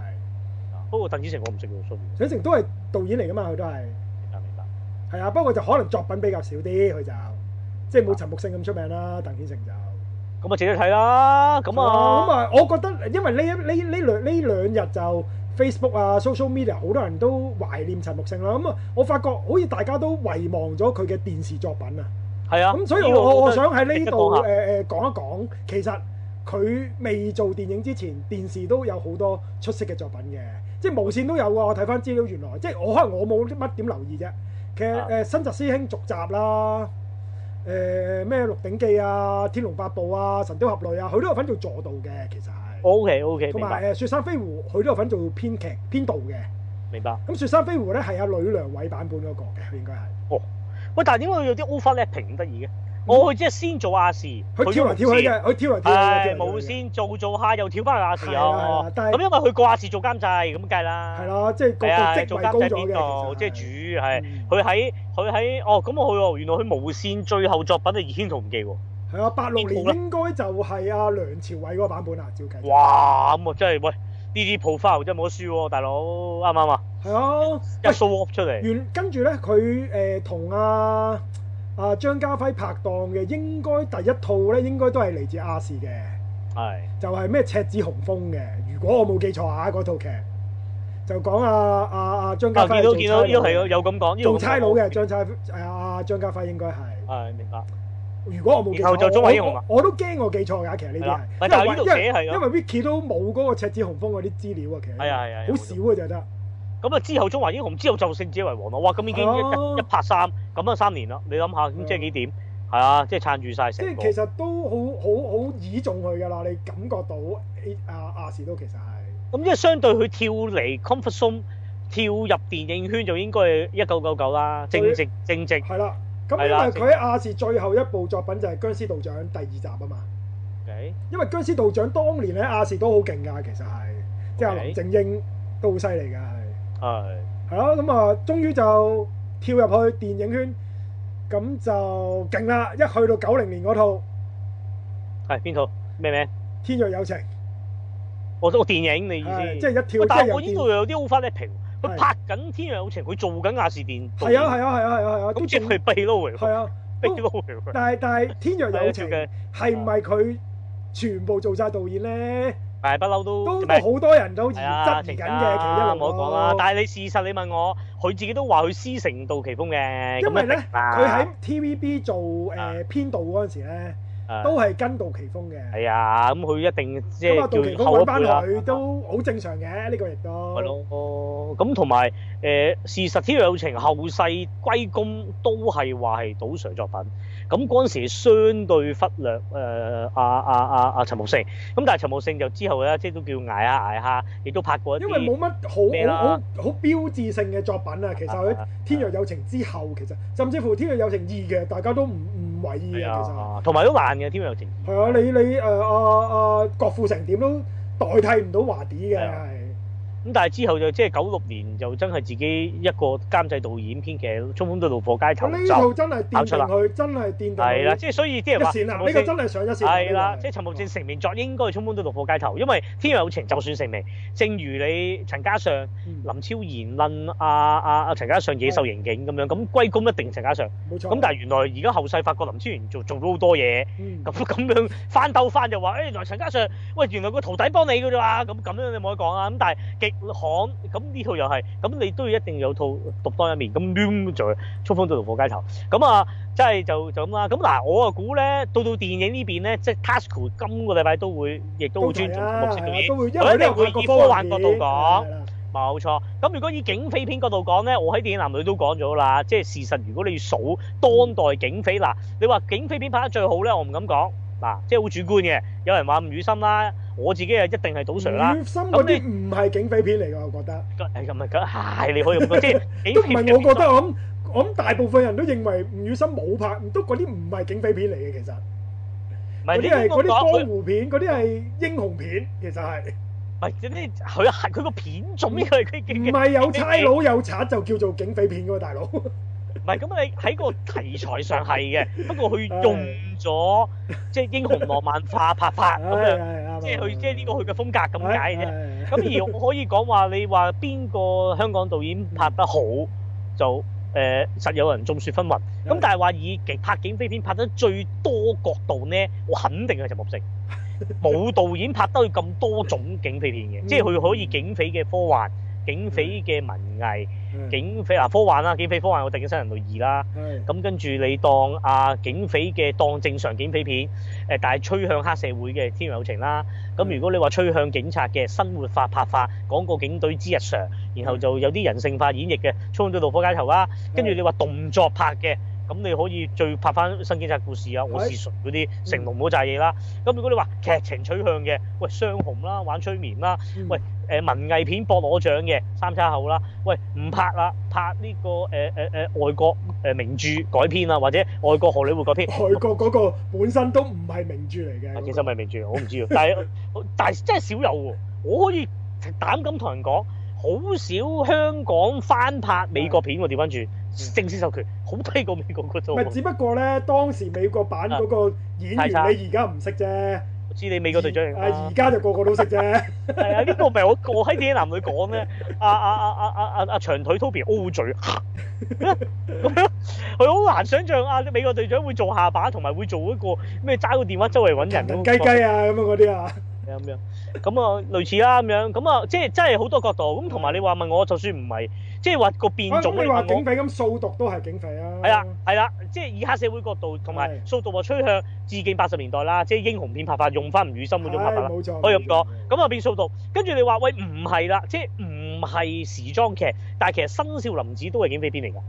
啊，不過鄧展成我，我唔識喎，所以。展誠都係導演嚟噶嘛，佢都係。明白，明白。係啊，不過就可能作品比較少啲，佢就即係冇陳木勝咁出名啦、啊。鄧展成就。咁啊，自己睇啦。咁啊，咁、嗯、啊，我覺得因為呢一呢呢兩呢兩日就 Facebook 啊、social media 好多人都懷念陳木勝啦。咁、嗯、啊，我發覺好似大家都遺忘咗佢嘅電視作品啊。係、嗯、啊。咁所以，我我想喺呢度誒誒講一講，其實。佢未做電影之前，電視都有好多出色嘅作品嘅，即係無線都有㗎。我睇翻資料，原來即係我可能我冇乜點留意啫。其實誒、啊、新澤師兄續集啦，誒咩鹿鼎記啊、天龍八部啊、神雕俠侶啊，佢都有份做助導嘅，其實係。O K O K，同埋誒雪山飛狐，佢都有份做編劇編導嘅。明白。咁雪山飛狐咧係阿呂良偉版本嗰個嘅，應該係。哦，喂，但係點解佢有啲 overlap 咁得意嘅？嗯、我去，即係先做亞視，佢跳嚟跳去嘅，佢跳嚟跳去嘅。無線做，做做下又跳翻去亞視哦，咁因為佢過亞視做監製，咁計啦。係啦，即係個職位高咗嘅，即係主係佢喺佢喺哦。咁我去、哦、原來佢無線最後作品係《二天屠龍記》喎。係啊，八六年應該就係啊，梁朝偉嗰個版本啊，照計說。哇！咁啊，真係喂呢啲 profile，真係冇得輸喎，大佬啱唔啱啊？係啊，一掃出嚟。跟住咧，佢誒同啊。啊，張家輝拍檔嘅應該第一套咧，應該都係嚟自亞視嘅，係就係、係、咩赤子雄風嘅。如果我冇記錯啊，嗰套劇就講啊啊啊張家輝。啊！見到見到，依個係有咁講，做差佬嘅張差啊張家輝應該係、啊。明白。如果我冇記錯，就啊、我我，我，我都驚我記錯㗎、啊。其實呢啲係，因為 Vicky 都冇嗰個赤子雄風嗰啲資料啊，其實係啊啊，好少嘅咁啊！之後《中華英雄》，之後就《聖者為王》咯。哇！咁已經一、啊、一拍三咁啊，就三年啦。你諗下，咁即係幾點？係、嗯、啊，即係撐住晒成部。即係其實都好好好倚重佢㗎啦。你感覺到阿亞視都其實係咁，即、嗯、係相對佢跳離 comfort zone 跳入電影圈就應該係一九九九啦。正直正直係啦，咁、啊、因為佢亞視最後一部作品就係、是《殭屍道長》第二集啊嘛。Okay. 因為《殭屍道長》當年咧，亞視都好勁㗎，其實係、okay. 即係林正英都好犀利㗎。係，係咯，咁啊，終、嗯、於就跳入去電影圈，咁就勁啦！一去到九零年嗰套，係邊套？咩名？《天若有情》我，我我電影你意思？即係一跳，但係我呢度有啲好花呢平，佢拍緊《天若有情》，佢做緊亞視電，係啊係啊係啊係啊，啊。咁即係閉撈回。係啊閉撈嚟。但係但係《天若有情》嘅係唔係佢全部做晒導演咧？係不嬲都都好多人都好執疑緊嘅、啊，唔好啦。但係你事實你問我，佢自己都話佢師成道奇峯嘅，因為咧佢喺 TVB 做、呃、編導嗰時時咧，都係跟道奇峯嘅。係啊，咁、嗯、佢、啊嗯、一定即係要後輩翻、啊、佢都好正常嘅，呢、這個亦都係咯。咁同埋事實，《天有情》後世歸功都係話係杜 s 作品。咁嗰陣時相對忽略誒阿阿阿阿陳木勝，咁但係陳木勝就之後咧，即係都叫捱下捱下，亦都拍過一，啲，因為冇乜好好好好,好標誌性嘅作品啊,啊，其實喺、啊啊《天若有情》之後，其實甚至乎《天若有情二》，嘅大家都唔唔為意啊，其實，同埋都爛嘅《天若有情》。係啊，你你誒阿阿郭富城點都代替唔到華弟嘅。啊咁但係之後就即係九六年就真係自己一個監製導演編劇，衝鋒隊怒火街頭就，跑出啦。係啦，即係所以啲人話呢個真係上一線、啊。係啦、這個就是，即係陳木勝成名作應該係衝鋒隊怒火街頭，因為天若有情、嗯、就算成名。正如你陳嘉上、嗯、林超賢論阿阿阿陳嘉上野獸刑警咁樣，咁歸功一定陳嘉上。冇錯。咁但係原來而家後世發覺林超賢做做咗好多嘢，咁、嗯、咁樣翻斗翻就話、哎、原來陳嘉上喂原來個徒弟幫你㗎嘛，咁咁樣你冇得講啊。咁但行咁呢套又係，咁你都要一定要有一套獨當一面，咁亂咁做，衝鋒隊怒火街頭，咁啊，即係就是、就咁啦。咁嗱，我啊估咧，到到電影邊呢邊咧，即係 Tasuku 今個禮拜都會，亦都好尊重目十條嘢，佢一定會以科幻角度講，冇錯。咁如果以警匪片角度講咧，我喺電影男女都講咗啦，即係事實。如果你要數當代警匪，嗱、嗯，你話警匪片拍得最好咧，我唔敢講。嗱，即係好主觀嘅。有人話吳宇森啦，我自己啊一定係杜 Sir 啦。吳宇森嗰啲唔係警匪片嚟㗎，我覺得。咁係唔係咁？係你可以咁講嘅，都唔係我覺得咁。我諗大部分人都認為吳宇森冇拍，都嗰啲唔係警匪片嚟嘅，其實。嗰啲係嗰啲江湖片，嗰啲係英雄片，其實係。或者呢？佢係佢個片種，佢佢警警。唔係有差佬有賊就叫做警匪片㗎喎，大佬。唔係，咁你喺個題材上係嘅，不過佢用咗即係英雄浪漫化拍法咁樣，即係佢即係呢個佢嘅風格咁解啫。咁 而我可以講話，你話邊個香港導演拍得好就誒、呃、實有人眾說紛紜。咁 但係話以拍警匪片拍得最多角度咧，我肯定係陳木勝冇導演拍得咁多種警匪片嘅，即係佢可以警匪嘅科幻、警匪嘅文藝。 嗯、警匪嗱、啊、科幻啦，警匪科幻我睇《特警新人類二》啦，咁、嗯、跟住你當啊警匪嘅當正常警匪片，呃、但係吹向黑社會嘅《天若有情》啦，咁、嗯、如果你話吹向警察嘅生活化拍法，講個警隊之日常，然後就有啲人性化演繹嘅《衝鋒隊怒火街頭》啦，跟住你話動作拍嘅。嗯嗯咁你可以再拍翻《新警察故事》啊，我是誰嗰啲成龍冇揸嘢啦。咁、嗯、如果你話劇情取向嘅，喂，雙雄啦，玩催眠啦，嗯、喂誒、呃、文藝片博攞獎嘅《三叉口》啦，喂唔拍啦，拍呢、這個誒誒誒外國誒名著改編啊，或者外國荷里活改編。外國嗰個本身都唔係名著嚟嘅、那個。其實唔係名著，我唔知道， 但係但係真係少有喎。我可以膽敢同人講。好少香港翻拍美國片我點翻轉？正式授權好低過美國嗰種。唔係，只不過咧，當時美國版嗰個演員你而家唔識啫。知你美國隊長啊，而家就個個都識啫。係 啊，呢個咪我我喺電男女講咩、 啊？啊啊啊啊啊啊，長腿 Toby O 嘴，佢 好 難想像阿美國隊長會做下巴，同埋會做一個咩揸個電話周圍揾人，人，人雞雞啊咁樣嗰啲啊。咁樣，咁啊，類似啦咁樣，咁啊，即係真係好多角度，咁同埋你話問我就算唔係，即係話個變種，欸、你問我，你話警匪咁掃毒都係警匪啊？係啦，係啦，即係以黑社會角度同埋掃毒啊，趨向致敬八十年代啦，即係英雄片拍法，用翻吳宇森嗰種拍法啦。冇錯，可以咁講。咁啊變掃毒，跟住你話喂唔係啦，即係唔係時裝劇，但係其實新少林寺都係警匪片嚟㗎。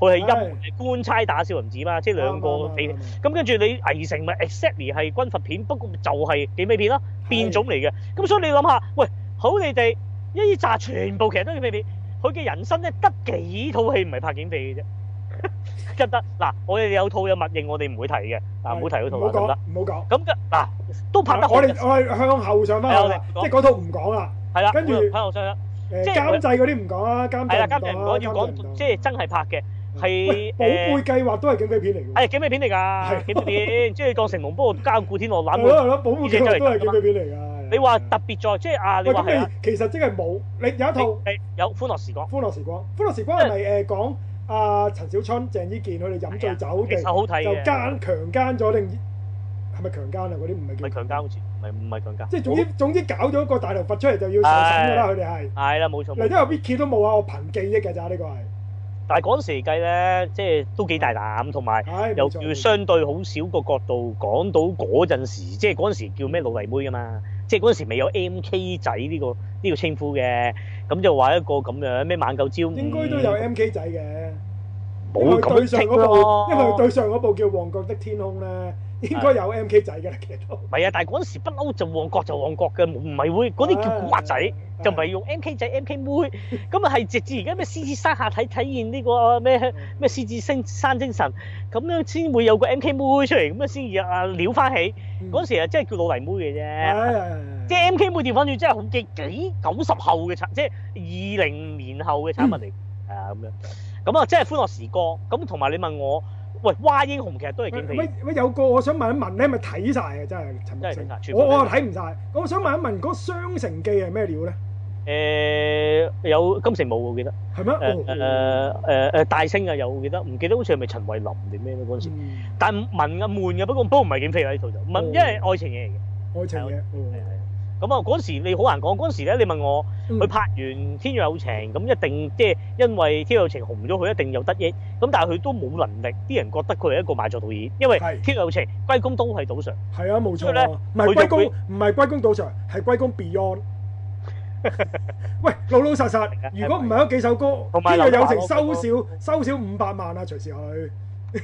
佢係陰門官差打少林寺嘛，即係兩個你咁，跟住你危城咪 exactly 係軍閥片，不過就係警匪片咯，啊，變種嚟嘅。咁所以你諗下，喂，好你哋一紮全部其實都係警匪片，佢嘅人生咧得幾套戲唔係拍警匪嘅啫，得得嗱，我哋有套有默認，我哋唔會提嘅，嗱唔好提嗰套我覺、啊、得唔好講。咁嘅嗱都拍得好、啊，我哋我係向後上啦，即係嗰套唔講啦，係啦、就是，跟住拍後上啦，即係監製嗰啲唔講啦，監製唔講，要講即係真係拍嘅。係《寶貝計劃》都、欸、係警匪片嚟嘅。係警匪片嚟㗎，係警匪片。即係當成龍幫我監古天樂懶。我覺得《寶貝計劃》都係警匪片嚟㗎。你話特別在係即係啊？你話、啊、其實即係冇你有一套你有《歡樂時光》，《歡樂時光》，《歡樂時光》係咪誒講阿、呃、陳小春、鄭伊健佢哋飲醉酒嘅就奸強奸咗定係咪強奸啊？嗰啲唔係叫強奸好似，唔係唔係強奸。即係總之總之搞咗個大頭佛出嚟就要受審㗎啦，佢哋係。係啦，冇錯。嗱，因為 Wiki 都冇啊，我憑記憶㗎咋呢個係。但係嗰陣時計咧，即係都幾大膽，同埋又要相對好少個角度講到嗰陣時，即係嗰陣時叫咩老泥妹噶嘛，即係嗰陣時未有 M K 仔呢個呢個稱呼嘅，咁就話一個咁樣咩猛狗招，應該都有 M K 仔嘅，因為對上嗰部那，因為對上嗰部叫《旺角的天空》咧。應該有 MK 仔㗎啦，其實，唔係啊，但係嗰陣時不嬲就旺角就旺角嘅，唔係會嗰啲叫古惑仔，哎、就唔、是、係用 MK 仔、哎、MK 妹，咁啊係直至而家咩獅子山下體體驗呢個咩咩、哎、獅子山精神，咁樣先會有個 MK 妹出嚟，咁啊先至啊撩翻起嗰陣、嗯、時啊，即係叫老泥妹嘅啫，即、哎、係、就是、MK 妹調反轉真係好幾幾九十後嘅產，即係二零年後嘅產物嚟，係啊咁樣，咁啊即係歡樂時歌。咁同埋你問我。喂，花英雄其實都係警匪。喂喂有個我想問一問咧，係咪睇曬啊？真係，真係睇曬，我我睇唔曬。我想問一問嗰《雙城記》係咩料咧？誒，有金城武我記得。係咩？誒誒誒誒，大星啊，有記得，唔記得好似係咪陳慧琳定咩咧嗰陣時？但文嘅悶嘅，不過不過唔係警匪啊呢套就，文因為愛情嘢嚟嘅。愛情嘢。咁啊，嗰陣時你好難講。嗰陣時咧，你問我佢拍完《天若有情》，咁一定即係因為《天若有情》紅咗，佢一定有得益。咁但係佢都冇能力，啲人覺得佢係一個賣座導演，因為《天若有情》歸功都係賭場。係啊，冇錯。所以咧，唔係歸功，唔係歸功賭場，係歸功 Beyond。喂，老老實實，如果唔係嗰幾首歌，同埋《天若有情》收少收少五百萬啊，隨時去。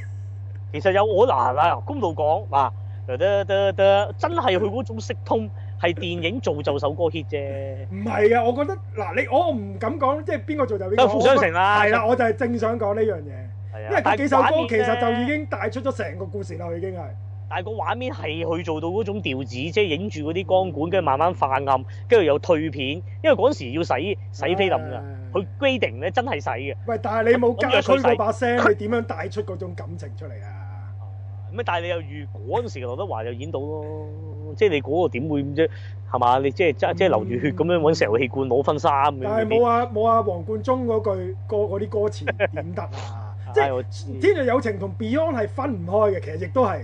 其實有我啊，公道講啊，得得得，真係佢嗰種識通。係 電影做就首歌 hit 啫，唔係啊！我覺得嗱，你我唔敢講，即係邊個做就邊個，都相成啦、啊。係啦、啊，我就係正想講呢樣嘢，因為嗰幾首歌其實就已經帶出咗成個故事啦，已經係。但係個畫面係去做到嗰種調子，即係影住嗰啲光管，跟住慢慢化暗，跟住又退片，因為嗰時要洗洗菲林㗎，佢 grading 咧真係洗嘅。喂，但係你冇教佢把聲係點樣帶出嗰種感情出嚟啊？咩、嗯？但係你又如果嗰陣時劉德華又演到咯？即係你嗰個點會咁啫？係嘛？你即係即係流住血咁樣揾石油氣罐攞分衫嘅。但係冇啊冇啊，黃、啊、貫中嗰句歌嗰啲歌詞點得啊？ 即係、哎、天若有情同 Beyond 係分唔開嘅，其實亦都係。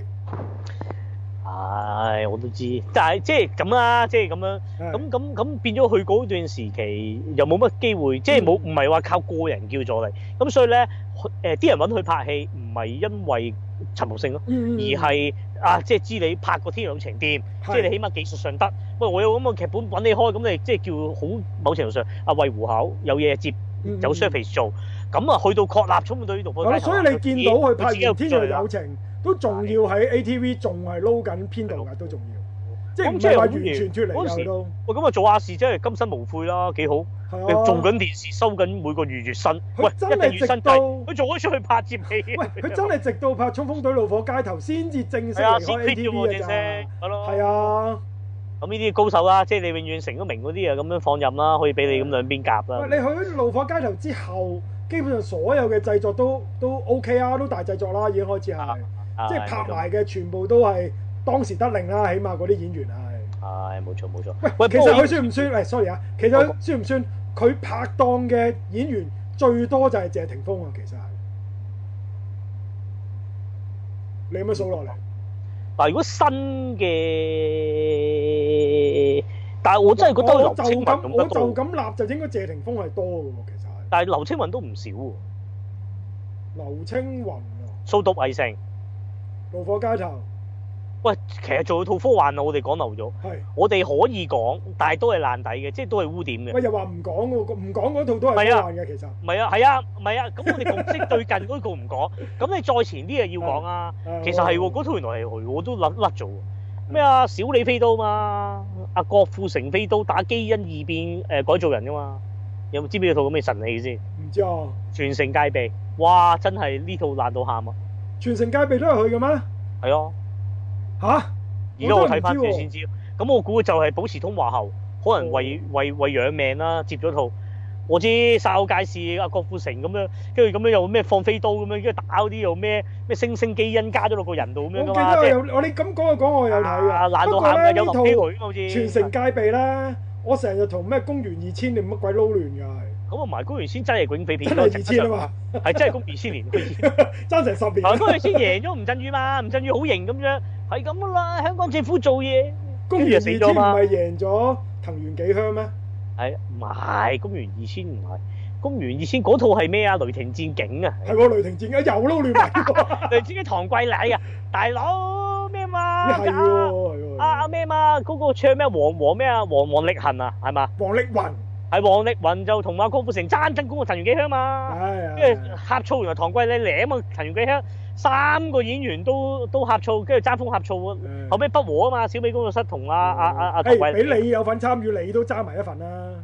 唉、哎，我都知，但係即係咁啦，即係咁樣咁咁咁變咗，去嗰段時期又冇乜機會，嗯、即係冇唔係話靠個人叫咗嚟咁，咁所以咧。誒、呃、啲人揾佢拍戲唔係因為陳木勝咯，而係、嗯嗯、啊即係知你拍過《天若有情》掂，即係你起碼技術上得。喂，我有咁個劇本揾你開，咁你即係叫好某程度上啊為糊口有嘢接、嗯、有 surface 做，咁、嗯、啊、嗯、去到確立，充滿到呢度。咁、嗯這個、所以你見到佢拍完《天若有情》都仲要喺 ATV 仲係撈緊編導嘅都仲要。即係唔係完全脫離啊？到喂咁啊，做下事即係今生無悔啦，幾好。係啊。做緊電視，收緊每個月月薪。喂，真係月薪都。佢做咗出去拍接戲。喂，佢真係直到拍《衝鋒隊怒火街頭》先至正式離開 ATV 嘅啫。係啊。咁呢啲高手啦，即係你永遠成咗名嗰啲啊，咁樣放任啦，可以俾你咁兩邊夾啦、啊啊。你去《怒火街頭》之後，基本上所有嘅製作都都 OK 啊，都大製作啦，已經開始係、啊啊、即係拍埋嘅全部都係。當時得令啦，起碼嗰啲演員係。係冇錯冇錯。喂，其實佢算唔算？誒、哎、sorry 啊、okay，其實算唔算佢拍檔嘅演員最多就係謝霆鋒啊？其實係。你有乜數落嚟？嗱，如果新嘅，但係我真係覺得劉青雲，咁我就咁立就應該謝霆鋒係多嘅喎，其實係。但係劉青雲都唔少喎。劉青雲、啊。掃毒、危城、怒火、街頭。喂，其實做套科幻啊，我哋講漏咗。係，我哋可以講，但係都係爛底嘅，即係都係污點嘅。喂，又話唔講喎，唔講嗰套都係科幻嘅，其實。唔係啊，係啊，唔係啊。咁我哋唔識最近嗰個唔講，咁 你再前啲嘢要講啊。其實係喎、啊，嗰套原來係佢，我都甩甩咗喎。咩啊？小李飛刀嘛，阿郭富城飛刀打基因異變誒、呃、改造人噶嘛？有冇知唔知套咁嘅神器先？唔知啊，全城戒備。哇，真係呢套爛到喊啊！全城戒備都係佢嘅咩？係啊。吓、啊啊！而家我睇翻先先知，咁我估就係保持通話後，可能為、oh. 為為養命啦、啊，接咗套。我知《殺手界士》阿郭富城咁樣，跟住咁樣又咩放飛刀咁樣，跟住打嗰啲又咩咩星星基因加咗落個人度咁樣嘛。我記得有我你咁講就講我有睇、就是、啊。不過咧，好似《全城戒備》啦。我成日同咩《公元二千》你乜鬼撈亂噶。咁同埋《公元先千》真係警匪片，真係二千噶嘛，係真係公元二千年，爭成十年。啊！《公元二千》贏咗吳鎮宇嘛？吳鎮宇好型咁樣。係咁噶啦，香港政府做嘢，公元二千唔係贏咗藤原紀香咩？係、哎，唔係，公元二千唔係，公元二千嗰套係咩啊？雷霆戰警啊？係喎，雷霆戰警啊，又撈亂埋嚟，自 己唐季禮啊， 大佬咩嘛是？啊，阿咩、啊、嘛？嗰、嗰個唱咩？王王咩啊？王王力宏啊，係嘛？王力宏、啊，係王力宏就同阿郭富城爭爭嗰個啊！藤原紀香嘛，跟住呷醋原來唐季禮攰嘛，藤原紀香。三個演員都都呷醋，跟住爭風呷醋、嗯，後尾不和啊嘛！小米工作室同阿阿阿阿，係、嗯、俾、啊啊、你有份參與，你都揸埋一份啦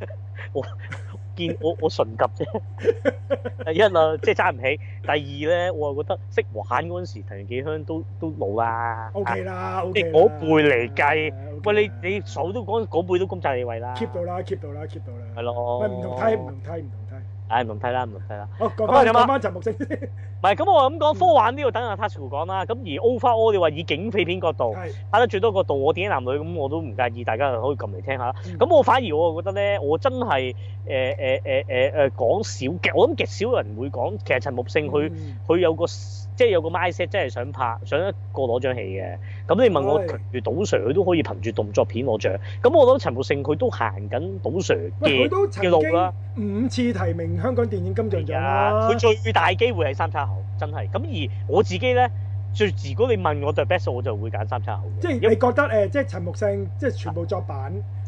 。我見我我純及啫，第 一啊，即係揸唔起；第二咧，我又覺得識玩嗰陣時提滕記香都都老啦。OK 啦，即係嗰輩嚟計，喂、okay、你、okay、你手都講嗰輩都攻爭你位啦。Keep 到啦，Keep 到啦，Keep 到啦、嗯。係咯。咪唔同梯，唔同梯，唔同。唉，唔同睇啦，唔同睇啦。好，講翻陳木勝先。唔係，咁我咁講科幻呢度等阿 Tasuku 講啦。咁而 Overall 你話以警匪片角度拍得最多角度我點擊男女，咁我都唔介意，大家可以撳嚟聽下啦。咁我反而我覺得咧，我真係誒誒誒誒誒講少極，我諗極少人會講。其實陳木勝佢佢有個。即係有個 mindset，真係想拍想一個攞獎戲嘅。咁你問我，佢如賭 Sir，佢都可以憑住動作片攞獎。咁我覺得陳木勝佢都行緊賭 Sir 嘅嘅路啦。五次提名香港電影金像獎，佢最大機會係三叉口，真係咁。而我自己咧，最如果你問我對 best，我就會揀三叉口。即係你覺得誒，即係陳木勝，即係全部作品，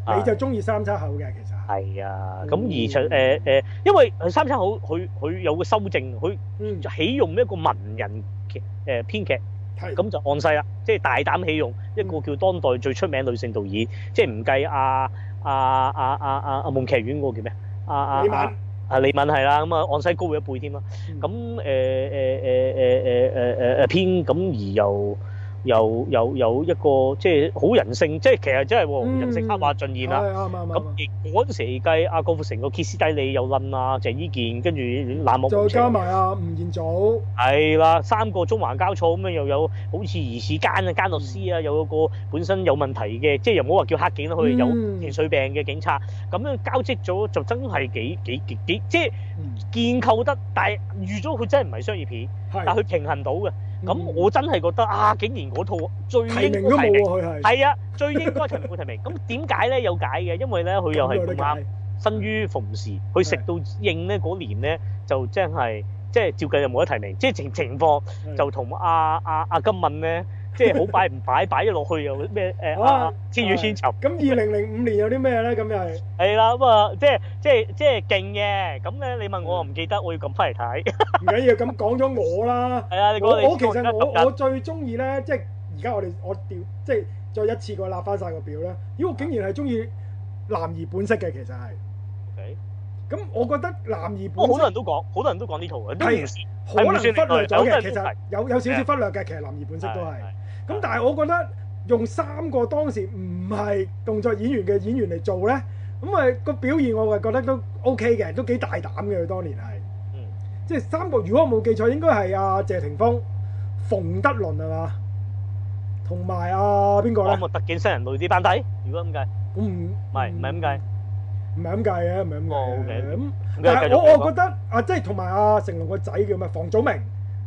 啊，你就中意三叉口嘅，啊、其實係啊，咁而且誒誒，因為《三岔口》佢佢有個修正，佢起用一個文人劇誒編劇，咁就岸西啦，即係大膽起用一個叫當代最出名女性導演，即係唔計阿阿阿阿阿阿夢劇院嗰個叫咩啊，啊？李敏啊，李敏係啦，咁啊岸西高一輩添啦，咁誒誒誒誒誒誒誒編，咁、嗯嗯嗯嗯嗯嗯、而又。有有有一個即係好人性，即係其實真係人性黑化盡現啦。咁亦嗰陣時計阿郭富城個歇斯底里又冧啊，鄭伊健跟住冷漠，就加埋阿吳彥祖，係啦，三個中環交錯咁樣又有好似疑似奸啊奸律師啊、嗯，有個本身有問題嘅，即係又唔好話叫黑警啦，佢哋有情緒病嘅警察，咁、嗯、樣交織咗就真係幾幾幾，幾即係建構得，但係預咗佢真係唔係商業片，但係佢平衡到嘅。咁、嗯、我真係覺得啊，竟然嗰套最應該提名，係啊，最應該提名冇提名。咁點解咧？有解嘅，因為咧佢又係咁啱，生、嗯、於逢時，佢、嗯、食到應咧嗰年咧，就真係即係照計又冇得提名，即係情情況就同阿阿阿金敏咧。即係好擺唔擺，擺咗落去又咩？誒啊！千與千尋。咁二零零五年有啲咩咧？咁又係。係啦，咁啊，即係即係即係勁嘅。咁咧，你問我唔記得，我要撳翻嚟睇。唔緊要，咁講咗我啦。係啊，我我其實我我最中意咧，即係而家我哋我調，即係再一次過攬翻曬個表咧。咦，我竟然係中意男兒本色嘅，其實係。OK。咁我覺得男兒本色。好多人都講，好多人都講呢套嘅。可能忽略咗嘅，其實有有少少忽略嘅，其實男兒本色都係。咁但係我覺得用三個當時唔係動作演員嘅演員嚟做咧，咁啊個表現我係覺得都 OK 嘅，都幾大膽嘅，佢當年係。嗯。即係三個，如果我冇記錯，應該係阿謝霆鋒、馮德倫係嘛，同埋阿邊個咧？我冇特警新人類啲班底，如果咁計，唔係唔係咁計，唔係咁計嘅，唔係咁講嘅。咁，我我覺得啊，即係同埋阿成龍個仔叫咩？房祖明。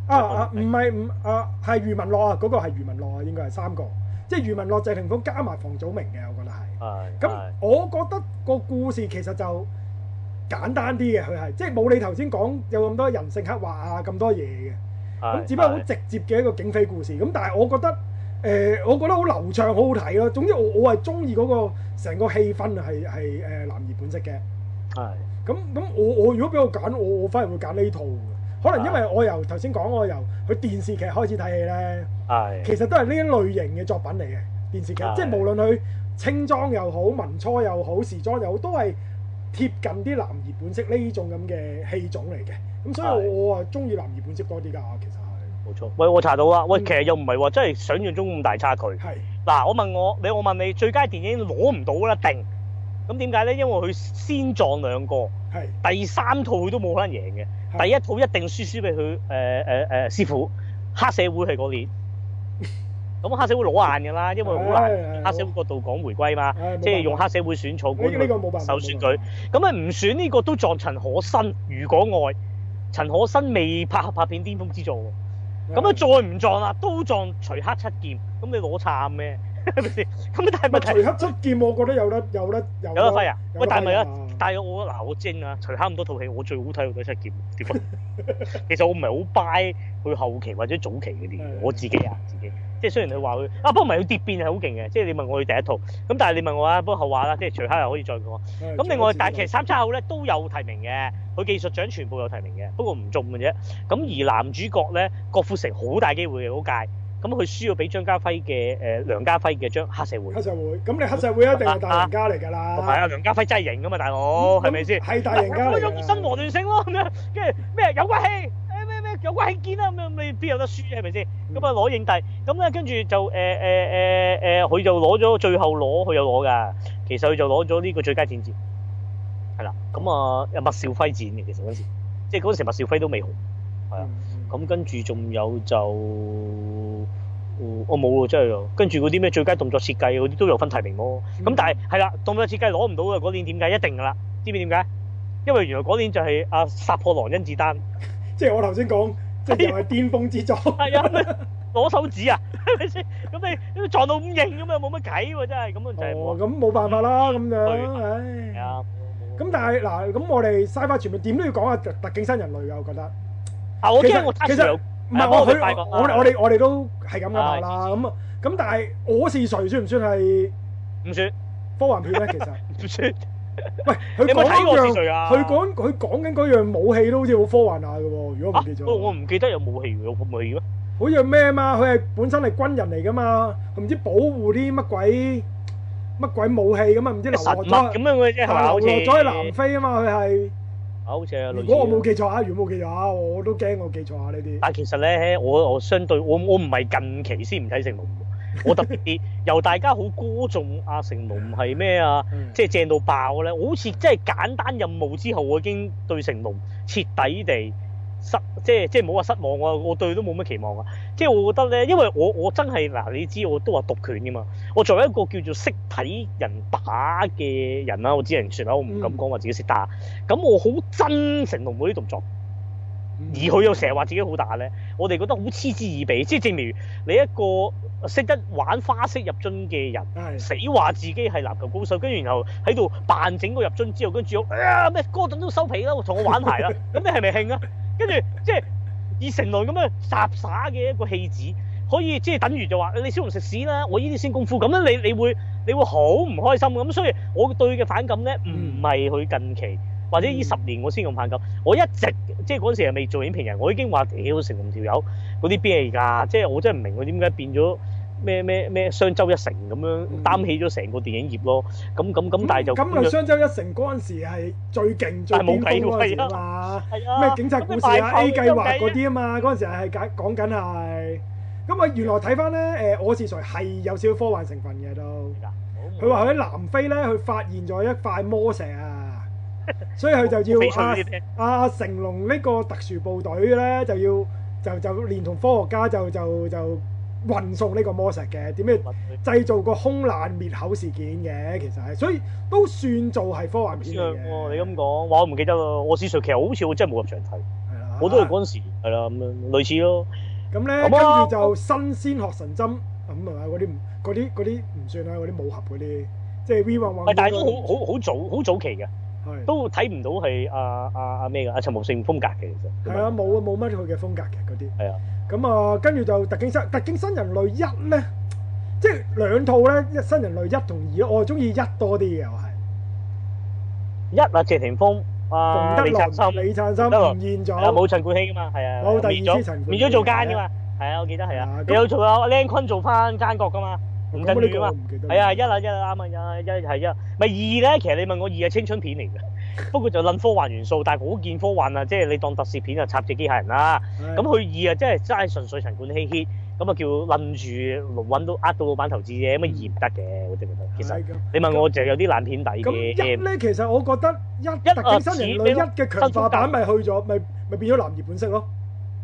啊啊唔係唔啊係余文樂啊嗰個係余文樂啊應該係三個，即係余文樂謝霆鋒加埋房祖名嘅，我覺得係。係。咁我覺得個故事其實就簡單啲嘅，佢係即係冇你頭先講有咁多人性刻畫啊咁多嘢嘅。係。咁只不過好直接嘅一個警匪故事，咁但係我覺得誒我覺得好流暢好好睇咯。總之我我係中意嗰個成個氣氛啊係係誒男兒本色嘅。係。咁咁我我如果俾我揀，我我反而會揀呢套。可能因為我由頭先講，我由佢電視劇開始睇戲咧，係其實都係呢一類型嘅作品嚟嘅電視劇，即係無論佢清裝又好、民初又好、時裝又好，都係貼近啲男兒本色呢種咁嘅戲種嚟嘅。咁所以我啊中意男兒本色多啲㗎，其實係冇錯。喂，我查到啦，喂，其實又唔係話真係想象中咁大差距。係嗱，我問我你，我問你最佳電影攞唔到啦，一定？咁點解咧？因為佢先撞兩個，第三套佢都冇可能贏嘅。第一套一定輸輸俾佢誒誒師傅黑社會係嗰年，咁 黑社會攞硬㗎啦，因為好難黑社會角度講回歸嘛，即係用黑社會選錯選舉，首、這個、選佢。咁啊唔選呢個都撞陳可辛，如果愛陳可辛未拍合拍片巔峰之作，咁啊再唔撞啦，都撞徐克七劍，咁你攞慘咩？咁 但係咪徐克七劍？我覺得有得有得有得揮啊！喂，但係咪啊？但係我嗱，我精啊！徐克咁多套戲，我最好睇都係七劍。 其實我唔係好 buy 佢後期或者早期嗰啲嘅，我自己啊自己。即係雖然你話佢啊，不過唔係佢蝶變係好勁嘅。即係你問我佢第一套，咁但係你問我啦，不過後話啦，即係徐克又可以再講。咁 另外，但係其實三岔口咧都有提名嘅，佢技術獎全部有提名嘅，不過唔中嘅啫。咁而男主角咧，郭富城好大機會嘅嗰咁佢輸咗俾張家輝嘅梁家輝嘅張黑社會。黑社會，咁你黑社會一定係大贏家嚟㗎啦。唔、啊、係啊，梁家輝真係型㗎嘛，大佬係咪先？係、嗯嗯、大贏家。開咗新王亂政咯，咁樣跟住咩有骨氣，咩咩有骨氣堅啦，咁你邊有得輸係咪先？咁啊攞影帝，咁咧跟住就誒誒誒誒，佢、呃呃呃、就攞咗最後攞，佢有攞㗎。其實佢就攞咗呢個最佳戰績，係啦。咁啊，麥兆輝戰嘅其實嗰時，即係嗰時麥兆輝都未紅，係啊。嗯咁跟住仲有就，我冇喎真係咯。跟住嗰啲咩最佳動作設計嗰啲都有分提名喎。咁、嗯、但係係啦，動作設計攞唔到嘅嗰年點解？一定噶啦，知唔知點解？因為原來嗰年就係殺、啊、破狼甄子丹，即係我頭先講，即係話係巔峰之作。啊、哎，攞 手指啊，係咪先？咁你撞到五型，咁又冇乜計喎，真係咁就係、是、冇。咁、哦、冇辦法啦，咁、嗯、樣唉。咁、啊、但係嗱，咁我哋 Sci-Fi 全面點都要講下特警新人類啊，我覺得。啊！我驚我睇唔到，我我我我我哋都係咁樣噶啦，咁咁但係我是誰算唔算係？唔算科幻片咩？其實唔算。喂，佢講呢樣，佢講佢講緊嗰樣武器都好似好科幻下噶喎。如果唔記得，我我唔記得有武器有武器咩？好似咩嘛？佢係本身係軍人嚟噶嘛？唔知保護啲乜鬼乜鬼武器咁啊？唔知流落咗。咁樣佢即係流落咗去南非啊嘛？佢係。好似啊，如果我冇記錯啊，如果冇記錯啊，我都驚我記錯啊呢啲。但其實咧，我我相對我我唔係近期先唔睇成龍，我特別 由大家好歌頌啊成龍係咩啊，即、嗯、係、就是、正到爆咧，好似真係簡單任務之後，我已經對成龍徹底地。失即即冇話失望啊！我對佢都冇乜期望啊！即係我覺得咧，因為我我真係嗱，你知我都話獨拳噶嘛。我作為一個叫做識睇人打嘅人啦，我只能說啦，我唔敢講話自己識打。係、嗯、咁我好真誠同佢啲動作，而佢又成日話自己好打咧，我哋覺得好嗤之以鼻。即係正如你一個。識得玩花式入樽嘅人，死話自己係籃球高手，跟住然後喺度扮整個入樽之後，跟住我：呃「咩哥頓都收皮啦，同我玩鞋啦，咁你係咪興啊？跟住即係以成龍咁樣雜耍嘅一個戲子，可以即係、就是、等於就話你小龍食屎啦，我呢啲先功夫，咁樣你你會你會好唔開心，咁所以我對嘅反感咧，唔係佢近期或者呢十年我先咁反感、嗯，我一直即係嗰時係未做影評人，我已經話屌成龍條友。嗰啲邊嚟㗎？即係我真係唔明佢點解變咗咩咩咩雙週一成咁樣擔起咗成個電影業咯？咁咁咁，但係就咁咪雙週一成嗰陣時係最勁最巔峯嗰陣時啊嘛！係啊，咩警察故事啊 A 計劃嗰啲啊嘛，嗰陣時係係講講緊係咁啊！原來睇翻咧誒，我是誰係有少少科幻成分嘅都。佢話佢喺南非咧，佢發現咗一塊魔石啊，所以佢就要阿阿成龍呢個特殊部隊咧就要。就就連同科學家就就就運送呢個魔石嘅，點樣製造個空難滅口事件嘅其實係，所以都算做係科幻片、嗯啊、你咁講，我唔記得咯。我事實其實好似我真係冇入場睇，我都係嗰陣時係啦咁樣，類似咯。咁咧，跟、嗯、住就新鮮學神針咁係咪？嗰啲唔嗰啲嗰啲唔算啦，嗰啲武俠嗰啲，即係 rework 但係都好好好早好早期嘅。都睇唔到係阿阿阿咩噶，阿陳木勝風格嘅其實。係啊，冇啊，冇乜佢嘅風格嘅嗰啲。係啊。咁啊，跟住就特警新特警新人類一咧，即係兩套咧，一新人類一同二，我係中意一多啲嘅，我係。一啊，謝霆鋒啊，李燦森，李燦森，阿冇陳冠希噶嘛，係啊，滅咗陳冠，滅咗做奸噶嘛，係啊，我記得係啊，有仲有靚坤做翻奸角噶嘛。唔緊要噶嘛，係啊， 一啊一啊啱啊，一，係一,一,一，咪二咧。其實你問我二係青春片嚟嘅，不過就撚科幻元素，但係好見科幻啊。即係你當特攝片啊，插隻機械人啦。咁佢二啊，即係真係純粹陳冠希 h e t 咁啊叫撚住揾到呃到老闆投資嘅咁啊，二唔得嘅，我哋覺得其實你問我就有啲爛片底嘅。咁一咧，其實我覺得一,一、啊、特警新人類一嘅強化版咪去咗，咪咪變咗男兒本色咯。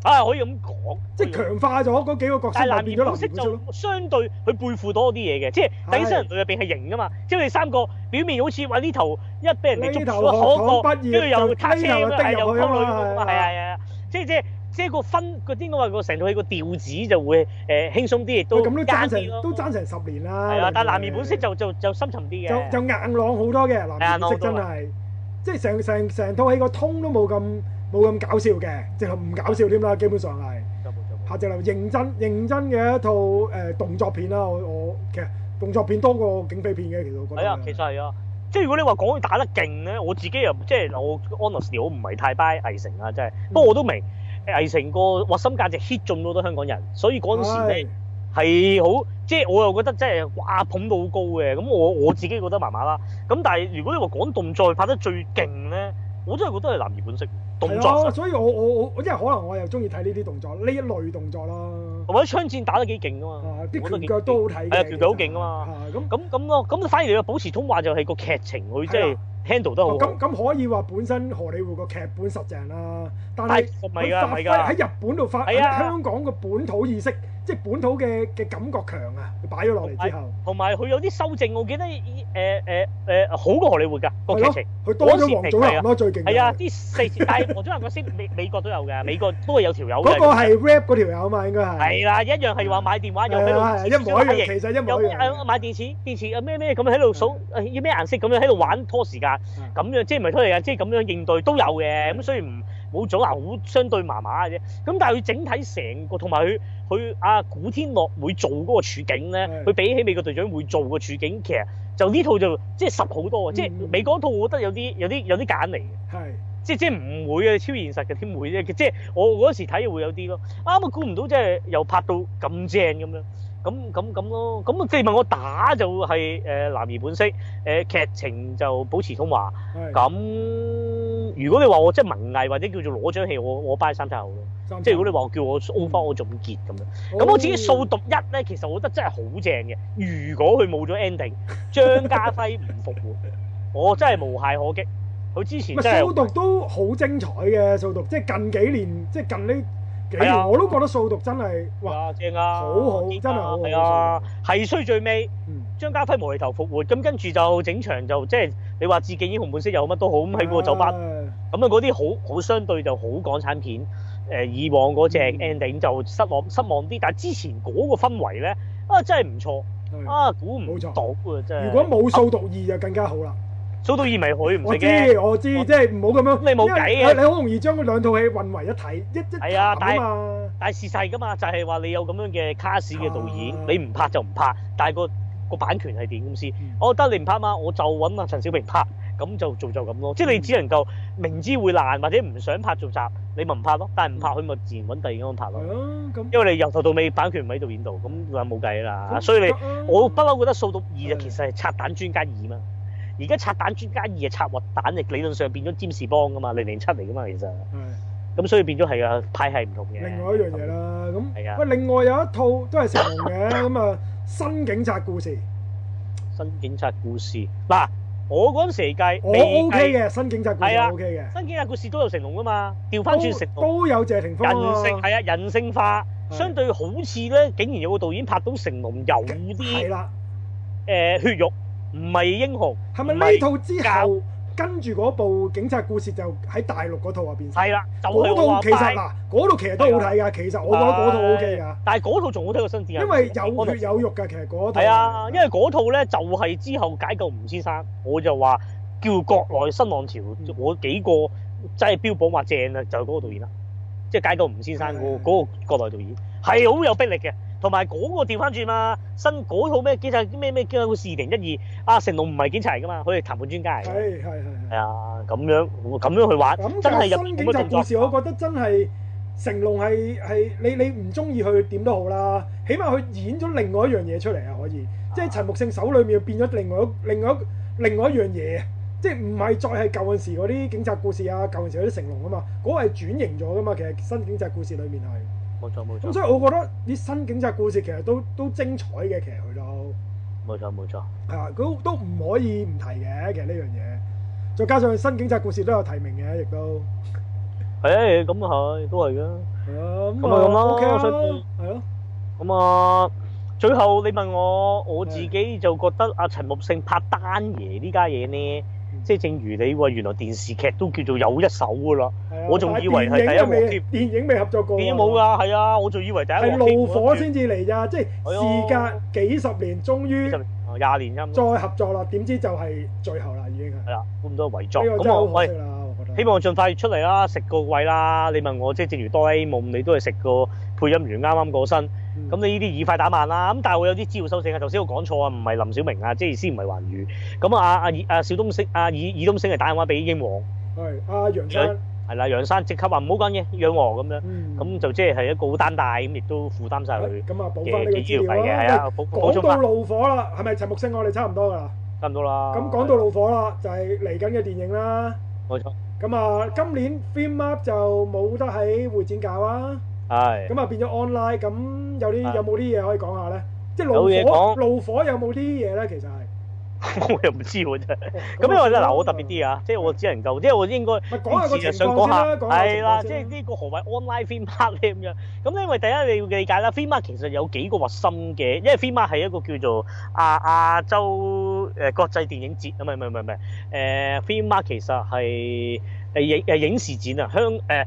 啊，可以咁講，即係強化咗嗰幾個角色，但男兒本色就相對去背負多啲嘢嘅，即係新人類入邊係型噶嘛，即係佢三個表面好似話呢頭一俾人哋捉住啊，嗰個，跟住、那個、又推車、哎、又溝女係啊係啊，即係即係即係個分啲點講話成套戲個調子就會誒、欸、輕鬆啲都、啊，咁都爭，都爭成十年啦，係啦，但係男兒本色就就就深沉啲嘅，就硬朗好多嘅男兒本色真係，即成成成套戲個通都冇咁。冇咁搞笑嘅，即係唔搞笑添啦。基本上係，拍集啦，認真認真嘅一套誒、呃、動作片啦。我我其實動作片多過警匪片嘅，其實我覺得。係啊，其實係啊、嗯，即係如果你話講打得勁咧，我自己又即係嗱，我 honest 我唔係太 buy 魏城啊，真係。不、嗯、過我都明魏城個核心價值 hit 中咗好多香港人，所以嗰陣時咧係好，即係我又覺得即係哇捧到好高嘅。咁我我自己覺得麻麻啦。咁但係如果你話講動作拍得最勁咧？嗯呢我真係覺得係男兒本色，動作、啊，所以我我我因為可能我又中意睇呢啲動作呢一類動作啦。同埋啲槍戰打得幾勁㗎嘛，啲、啊、拳腳都好睇、啊、拳腳好勁㗎嘛。咁咁咁咯，咁、啊、反而又保持通話就係個劇情佢即係、啊、handle 得好咁咁、啊、可以話本身荷里活個劇本實淨啦，但係佢發揮，喺日本度發香港個本土意識。即係本土嘅嘅感覺強啊！擺咗落嚟之後，同埋佢有啲修正，我記得誒誒誒，好過荷里活㗎個劇情。佢多咗王祖藍咯，最勁。係啊，啲四，但係王祖藍個先美美國都有㗎，美國都係有條友。嗰個係 rap 嗰條友嘛，應該係。係啦，一樣係話買電話有喺度，一模一樣，其實一模一樣。有買電池，電池啊咩咩咁樣喺度數，要咩顏色咁樣喺度玩拖時間，咁樣即係唔係拖時間？即係咁樣應對都有嘅。咁所以唔。冇阻，好相對麻麻嘅啫。咁但係佢整體成個，同埋佢佢啊古天樂會做嗰個處境咧，佢比起美國隊長會做個處境，其實就呢套就即係十好多。即係美國套，我覺得有啲有啲有啲假嚟嘅。係，即即唔會嘅，超現實嘅添會啫。即係我嗰時睇會有啲咯，啱啱估唔到，即係又拍到咁正咁樣。咁咁咁咯，咁啊即係問我打就係、是、誒、呃、男兒本色、呃，劇情就保持通話。咁如果你話我即係文藝或者叫做攞張戲，我我三七後咯。即係如果你話我叫我 over、嗯、我總結咁樣，咁、嗯、我自己掃毒一咧，其實我覺得真係好正嘅。如果佢冇咗 ending，張家輝唔復活， 我真係無懈可擊。佢之前真係掃毒都好精彩嘅，掃毒即係近幾年即係近呢。啊、我都覺得掃毒真係哇、啊，正啊，好好，啊、真係好。係啊，係衰最尾，張家輝無厘頭復活，咁跟住就整場就即係你話致敬英雄本色有乜都好，咁喺個酒吧，咁啊嗰啲好好相對就好港產片誒、呃，以往嗰隻 ending 就失望、嗯、失望啲，但係之前嗰個氛圍咧啊真係唔錯，啊估唔、啊啊、到真係。如果冇掃毒二、啊、就更加好啦。《掃毒二》咪佢唔係嘅，我知我知我，即係唔好咁樣。你冇計嘅，你好容易將嗰兩套戲混為一體，一集啊但嘛，但係事實噶嘛，就係、是、話你有咁樣嘅卡士嘅導演，啊、你唔拍就唔拍，但係個,個版權係電影公司，嗯、我覺得你唔拍嘛，我就揾阿陳小平拍，咁就做就咁咯。嗯、即係你只能夠明知會爛或者唔想拍續集，你咪唔拍咯。但係唔拍佢咪自然揾第二個拍咯。啊嗯、因為你由頭到尾版權唔喺導演度，咁就冇計啦。嗯、所以你、啊、我不嬲覺得《掃毒二》其實係拆彈專家二嘛。而家拆彈專家二啊，拆核彈亦理論上變咗占士邦㗎嘛，零零七嚟㗎嘛，其實。係。咁所以變咗係啊派係唔同嘅。另外一樣嘢啦，咁。係啊。喂，另外有一套都係成龍嘅，咁 啊新警察故事。新警察故事嗱，我嗰陣時計,計，我 OK 嘅新警察故事，OK 嘅新警察故事都有成龍㗎嘛，調翻轉成龍都。都有謝霆鋒咯、啊。人性，係啊，人性化，相對好似咧，竟然有個導演拍到成龍有啲係啦，誒、呃、血肉。唔係英雄，係咪呢套之後跟住嗰部警察故事就喺大陸嗰套入面？係啦，嗰套其實嗱，嗰套其實都好睇㗎。其實我覺得嗰套 O K 㗎。但係嗰套仲好睇過《新電影》，因為有血有肉㗎。其實嗰套係啊，因為嗰套咧就係之後解救吳先生，我就話叫國內新浪潮，嗯、我幾個真係標榜話正啊，就係、是、嗰個導演啦，即、就、係、是、解救吳先生嗰個嗰個國內導演，係好有逼力嘅。同埋嗰個掉返轉嘛，新嗰套咩警察咩咩叫二零一二啊，成龍唔係警察嚟噶嘛，佢係談判專家嚟嘅。係係係。係啊，咁樣咁樣去玩，真係新警察故事，我覺得真係成龍係係你你唔中意佢點都好啦，起碼佢演咗另外一樣嘢出嚟啊，可以，即係陳木勝手裏面變咗另外、另外、另外一樣嘢啊，即係唔係再係舊陣時嗰啲警察故事啊，舊陣時嗰啲成龍啊嘛，嗰個係轉型咗噶嘛，其實新警察故事裡面係。冇錯冇錯，咁所以我覺得啲新警察故事其實都都精彩嘅。其實佢都冇錯冇錯，係啊，佢都唔可以唔提嘅。其實呢樣嘢，再加上新警察故事都有提名嘅，亦都係、嗯嗯 okay、啊，咁係都係嘅，係啊，咁咪咁 OK，我想咯，係咯，咁啊，最後你問我我自己就覺得阿陳木勝拍單爺呢家嘢咧。即係正如你話，原來電視劇都叫做有一手噶啦，我仲以為係第一幕添，電影未合作過，電影冇㗎，係啊，我仲以為第一幕係怒火先至嚟咋，即係時隔幾十年終於廿年啦，再合作啦，點知就係最後啦，已經係啦，咁、啊、多遺作，咁、這個、我喂，希望盡快出嚟啦，食個位啦，你問我即係正如哆啦 A 夢，你都係食個配音員啱啱過身。咁你呢啲以快打慢啦、啊，咁但係會有啲資料修正啊。頭先我講錯啊，唔係林小明啊，即係意思唔係環宇。咁啊，阿、啊、阿小東升，阿、啊、以耳東升係打電話俾英皇。係阿楊生。係、啊、啦，楊生即刻話唔好講嘢，養和咁樣，咁、嗯、就即係係一個好單帶，咁亦都負擔晒佢啊，嘅幾千條。講到怒火啦，係咪陳木勝我哋差唔多㗎啦？差唔多啦。咁講到怒火啦，就係嚟緊嘅電影啦。冇錯。咁啊，今年 Filmart 就冇得喺會展搞啊。係，咁啊變咗 online，咁有啲有冇啲嘢可以講下咧？即係怒火，怒火有冇啲嘢咧？其實係，我又唔知喎真。咁因為咧嗱，我特別啲啊，即係我只能夠，即係我應該，唔係講下個情況先啦，講下。係啦，即係呢個何謂 online Filmart 咁樣？咁咧因為第一你要理解啦，Filmart 其實有幾個核心嘅，因為 Filmart 係一個叫做亞亞洲誒國際電影節啊，唔係唔係唔係唔係，誒 Filmart 其實係。誒影誒影視展啊，香誒誒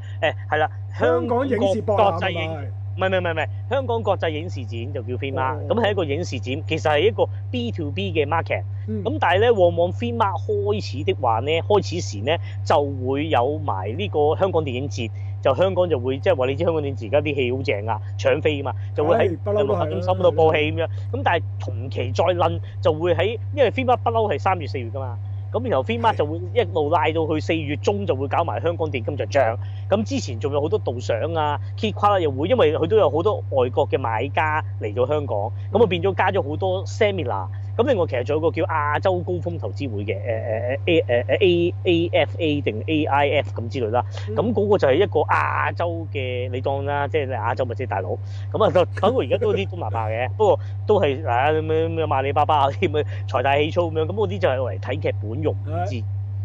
係啦，香港影視國際影，唔係唔係唔係，香港國際影視展就叫 Filmart，咁係一個影視展，其實係一個 B to B 嘅 market，咁但係咧，往往 Filmart 開始的話咧，開始時咧就會有埋呢個香港電影節，就香港就會即係話你知香港電影節而家啲戲好正啊，搶飛啊嘛，就會喺啊、欸、中心度播戲咁樣，咁但係同期再輪就會喺，因為 Filmart 不嬲係三月四月㗎嘛。咁然後 Filmart 就會一路拉到去四月中，就會搞埋香港電金就漲，咁之前仲有好多導賞啊，Kita、啊、又會，因為佢都有好多外國嘅買家嚟到香港，咁啊變咗加咗好多 similar。咁另外其實仲有一個叫亞洲高峰投資會嘅 A A A F A 定 A I F 咁之類啦。咁、那、嗰個就係一個亞洲嘅你當啦，即係亞洲或者大佬咁啊。不過而家都啲都麻麻嘅，不過都係啊咩咩阿里巴巴啲咁嘅財大氣粗咁樣。咁嗰啲就係為睇劇本用字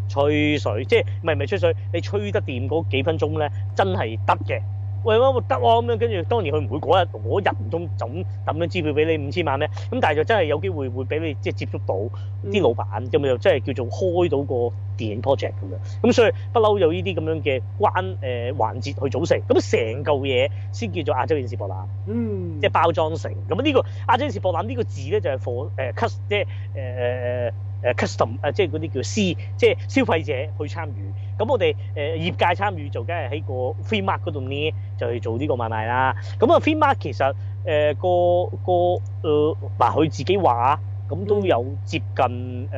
吹水，即係唔係唔係吹水？你吹得掂嗰幾分鐘咧，真係得嘅。喂，我得喎，咁樣，跟住，當年佢唔會嗰日我日唔中就咁抌樣支票俾你五千萬咩？咁但係就真係有機會會俾你即係接觸到啲老闆，咁、嗯、又真係叫做開到個電影 project 咁樣。咁所以不嬲有呢啲咁樣嘅關誒、呃、環節去組成，咁成嚿嘢先叫做亞洲電視博覽，嗯，即係包裝成。咁呢、呢個亞洲電視博覽呢個字咧就係貨誒 cust，即係誒誒 custom，誒即係嗰啲叫 C，即係消費者去參與。咁我哋誒、呃、業界參與就梗係喺個 Filmart 嗰度呢，就去、是、做呢個買賣啦。咁啊 Filmart 其實誒、呃、個個誒，嗱、呃、佢自己話，咁都有接近誒誒誒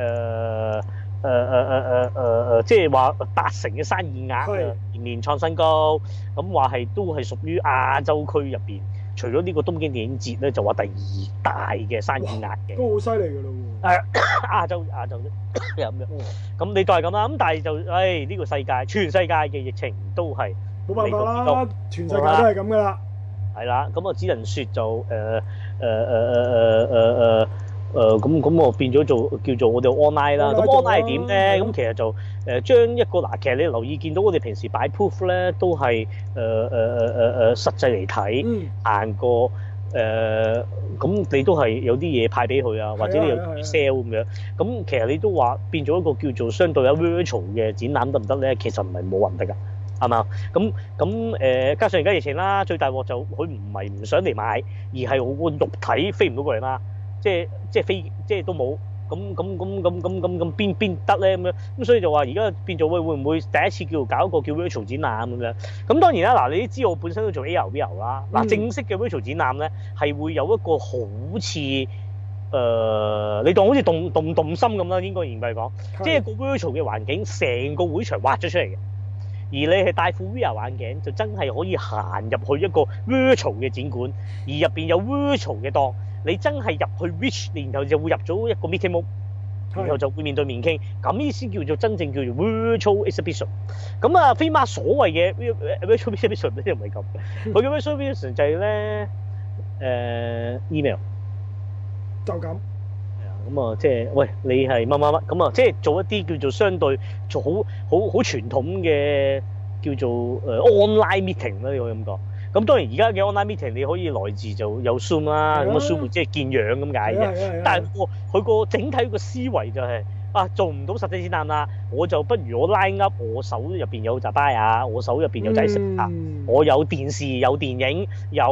誒誒誒誒，即係話八成嘅生意額，年年創新高。咁話係都係屬於亞洲區入邊，除咗呢個東京電影節咧，就話第二大嘅生意額，都好犀利㗎啦。誒 亞洲亞洲咁 樣，咁你都係咁啦。咁但係就誒、哎、呢個世界，全世界嘅疫情都係冇辦法啦，全世界都係咁噶啦。係啦，咁啊只能説就誒誒誒誒誒誒誒誒咁咁我變咗做叫做我哋 online 啦、嗯。咁 online 係點咧？咁其實就誒將一個嗱，其實你留意見到我哋平時擺 proof 咧，都係誒誒誒誒誒實際嚟睇，硬過。誒、呃、咁你都係有啲嘢派俾佢啊，或者你有 sell 咁樣。咁、啊啊、其實你都話變咗一個叫做相對有 virtual 嘅展覽得唔得咧？其實唔係冇話唔得呀，啊，係嘛？咁咁誒，加上而家疫情啦，最大鑊就佢唔係唔想嚟買，而係我個肉體飛唔到過嚟啦，即係即係飛，即係都冇。咁咁咁咁咁咁咁咁邊邊得咧？咁樣咁，所以就話而家變咗會會唔會第一次叫搞一個叫 Virtual 展覽，咁樣咁當然啦。嗱，你知道我本身都做 AR VR 啦。嗱，正式嘅 Virtual 展覽咧，係會有一個好似誒、呃、你當好似動動動心咁啦，應該嚴格嚟講，即係個 Virtual 嘅環境，成個會場畫咗出嚟嘅，而你係戴副 VR 眼鏡就真係可以行入去一個 Virtual 嘅展館，而入邊有 Virtual 嘅檔。你真係入去 reach，然後就會入咗一個 meeting room，然後就會面對面傾，咁呢先叫做真正叫做 virtual exhibition。咁啊，Filmart 所謂嘅 virtual exhibition 呢又唔係咁，佢嘅 virtual exhibition 就係咧誒 email 就咁。係啊，咁啊即係喂，你係乜乜乜咁啊？即係做一啲叫做相對做好好好傳統嘅叫做誒 online meeting 啦，你可以咁講。咁當然而家嘅 online meeting 你可以來自就有 Zoom 啦，咁啊 Zoom 即係見樣咁解嘅。但係我佢個整體個思維就係、是、啊做唔到實體展覽啦，我就不如我 line up 我手入面有扎巴啊，我手入面有仔食，啊，我有電視有電影有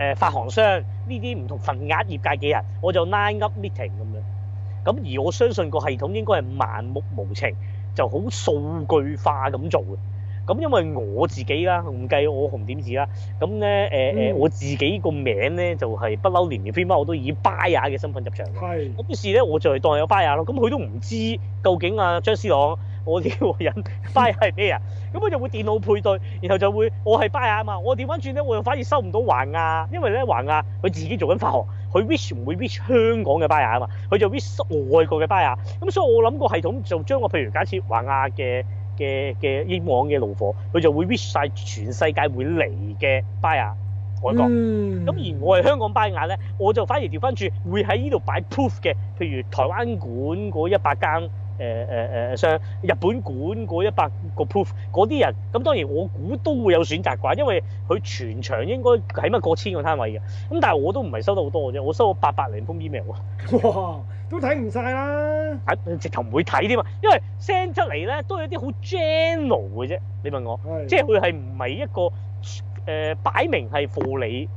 誒發行商呢啲唔同份額業界嘅人，我就 line up meeting 咁樣。咁而我相信個系統應該係盲目無情，就好數據化咁做嘅。咁因為我自己啦，唔計我紅點字啦，咁咧誒我自己個名咧就係、是、不嬲連連飛貓，我都以巴雅嘅身份入場。係，咁於是咧我就當有巴雅咯。咁佢都唔知究竟啊張思朗我呢個人巴雅係咩啊？咁 我、 嗯、就會電腦配對，然後就會我係巴雅啊嘛。我調翻轉咧，我又反而收唔到寰亞，因為咧寰亞佢自己做緊法學，佢 wish 唔會 wish 香港嘅巴雅啊嘛，佢就 wish 外國嘅巴雅。咁所以我諗個系統就將我譬如假設寰亞嘅。嘅嘅英皇嘅怒火，佢就會 wish 曬全世界會嚟嘅巴亞外國，咁而我係香港巴亞咧，我就反而調翻轉，會喺呢度擺 proof 嘅，譬如台灣館嗰一百間誒誒誒商，日本館嗰一百個 proof，嗰啲人，咁當然我估都會有選擇啩，因為佢全場應該起碼過千個攤位嘅，咁但係我都唔係收得好多嘅啫，我收咗八百零封 email 哇。都睇唔晒啦！啊、直頭唔會睇添嘛，因為 send 出嚟咧都有啲好 general 嘅啫。你問我，是即係佢係唔係一個誒擺、呃、明係負你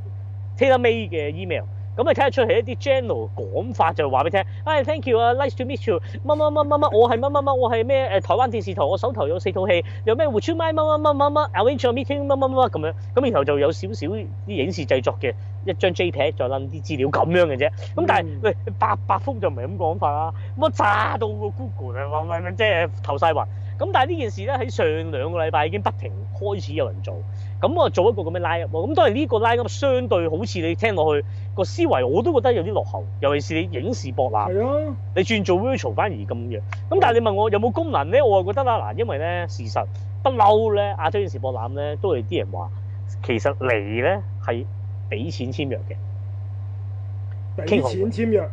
take me 嘅 email？咁你睇得出係一啲 general 講法就話俾你聽，哎，thank you 啊，nice to meet you，乜乜乜乜乜，我係乜乜乜，我係咩？誒，台灣電視台，我手頭有四套戲，有咩 would you mind 乜乜乜乜乜，arrange your meeting 乜乜乜乜咁樣，咁然後就有少少啲影視製作嘅一張 J p 再撚啲資料咁樣嘅啫。咁但係喂，八百幅就唔係咁講法啦，我炸到個 Google 嚟，咪咪即係頭晒暈。咁但係呢件事咧喺上兩個禮拜已經不停開始有人做。咁我做一個咁嘅 line-up 喎，咁當然呢個 line-up 相對好似你聽落去個思維，我都覺得有啲落後，尤其是你影視博覽、啊，你轉做 virtual 反而咁弱。咁但係你問我有冇功能咧，我又覺得啦嗱，因為咧事實不嬲咧，亞洲影視博覽咧都係啲人話，其實嚟咧係俾錢簽約嘅，俾錢簽約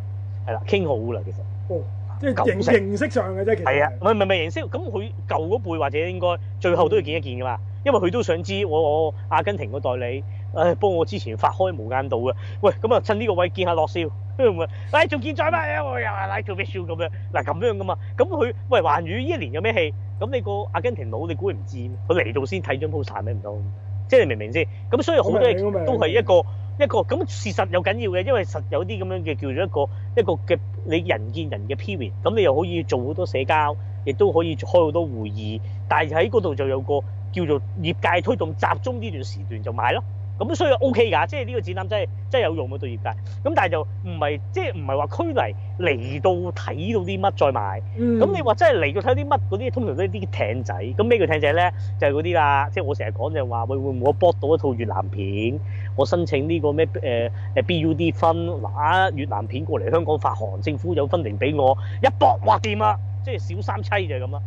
係啦，傾好啦，其實。哦即係形，形式上嘅啫，其實係啊，唔係唔係形式，咁佢舊嗰輩或者應該最後都要見一見㗎嘛、嗯，因為佢都想知我我阿根廷個代理，誒幫我之前發開無間道嘅，喂咁啊趁呢個位見下落笑，唔係，誒仲健在嗎？嗯哎、我又話拉佢咩笑咁樣，嗱、啊、咁樣㗎嘛，咁佢喂環宇呢一年有咩戲？咁你個阿根廷佬你估佢唔知？佢嚟到先睇張 post 咩唔通？即係你明唔明先？咁所以好多嘢都係一個一個咁事實有緊要嘅，因為實有啲咁樣嘅叫做一個一個嘅你人見人嘅 period，咁你又可以做好多社交，亦都可以開好多會議，但係喺嗰度就有個叫做業界推動集中呢段時段就買咯。咁、嗯、所以 OK 㗎，即係呢個指南真係真係有用㗎對業界。咁但係就唔係即係唔係話區嚟嚟到睇到啲乜再買。咁、嗯、你話真係嚟到睇到啲乜嗰啲，通常都係啲艇仔。咁咩叫艇仔咧？就係嗰啲啦。即係我成日講就係、是、話，會會唔會我博到一套越南片，我申請呢個咩誒誒 BUD Fund、啊，拿越南片過嚟香港發行，政府有分紅俾我，一博哇掂啦，即係小三妻就係咁啦。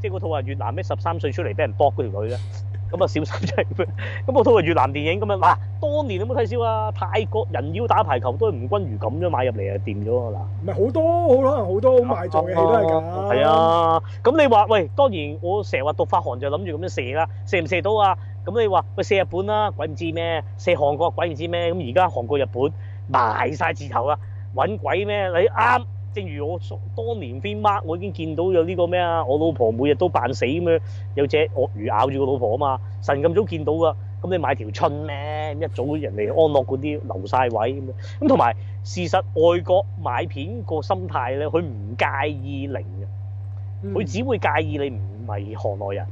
即係嗰套話越南咩十三歲出嚟俾人博嗰條女咧？咁啊，小心七分。咁我都話越南電影咁樣嗱，當年你有冇睇少啊？泰國人妖打排球都吳君如咁樣買入嚟啊，掂咗嗱。唔係好多好多好多賣座嘅戲都係咁。係啊，咁、啊啊啊啊 啊、你話喂，當然我成日話讀法韓就諗住咁樣射啦，射唔射到啊？咁你話喂，射日本啦、啊，鬼唔知咩？射韓國、啊，鬼唔知咩？咁而家韓國日本賣晒字頭啦、啊，揾鬼咩？你啱。啊正如我當年飛馬，我已經見到有呢個咩啊，我老婆每日都扮死咁樣，有隻鱷魚咬住個老婆啊嘛。神咁早見到㗎，咁你買條春咩？一早人哋安樂嗰啲留晒位咁樣。咁同埋事實外國買片個心態咧，佢唔介意零嘅，佢只會介意你唔係行內人。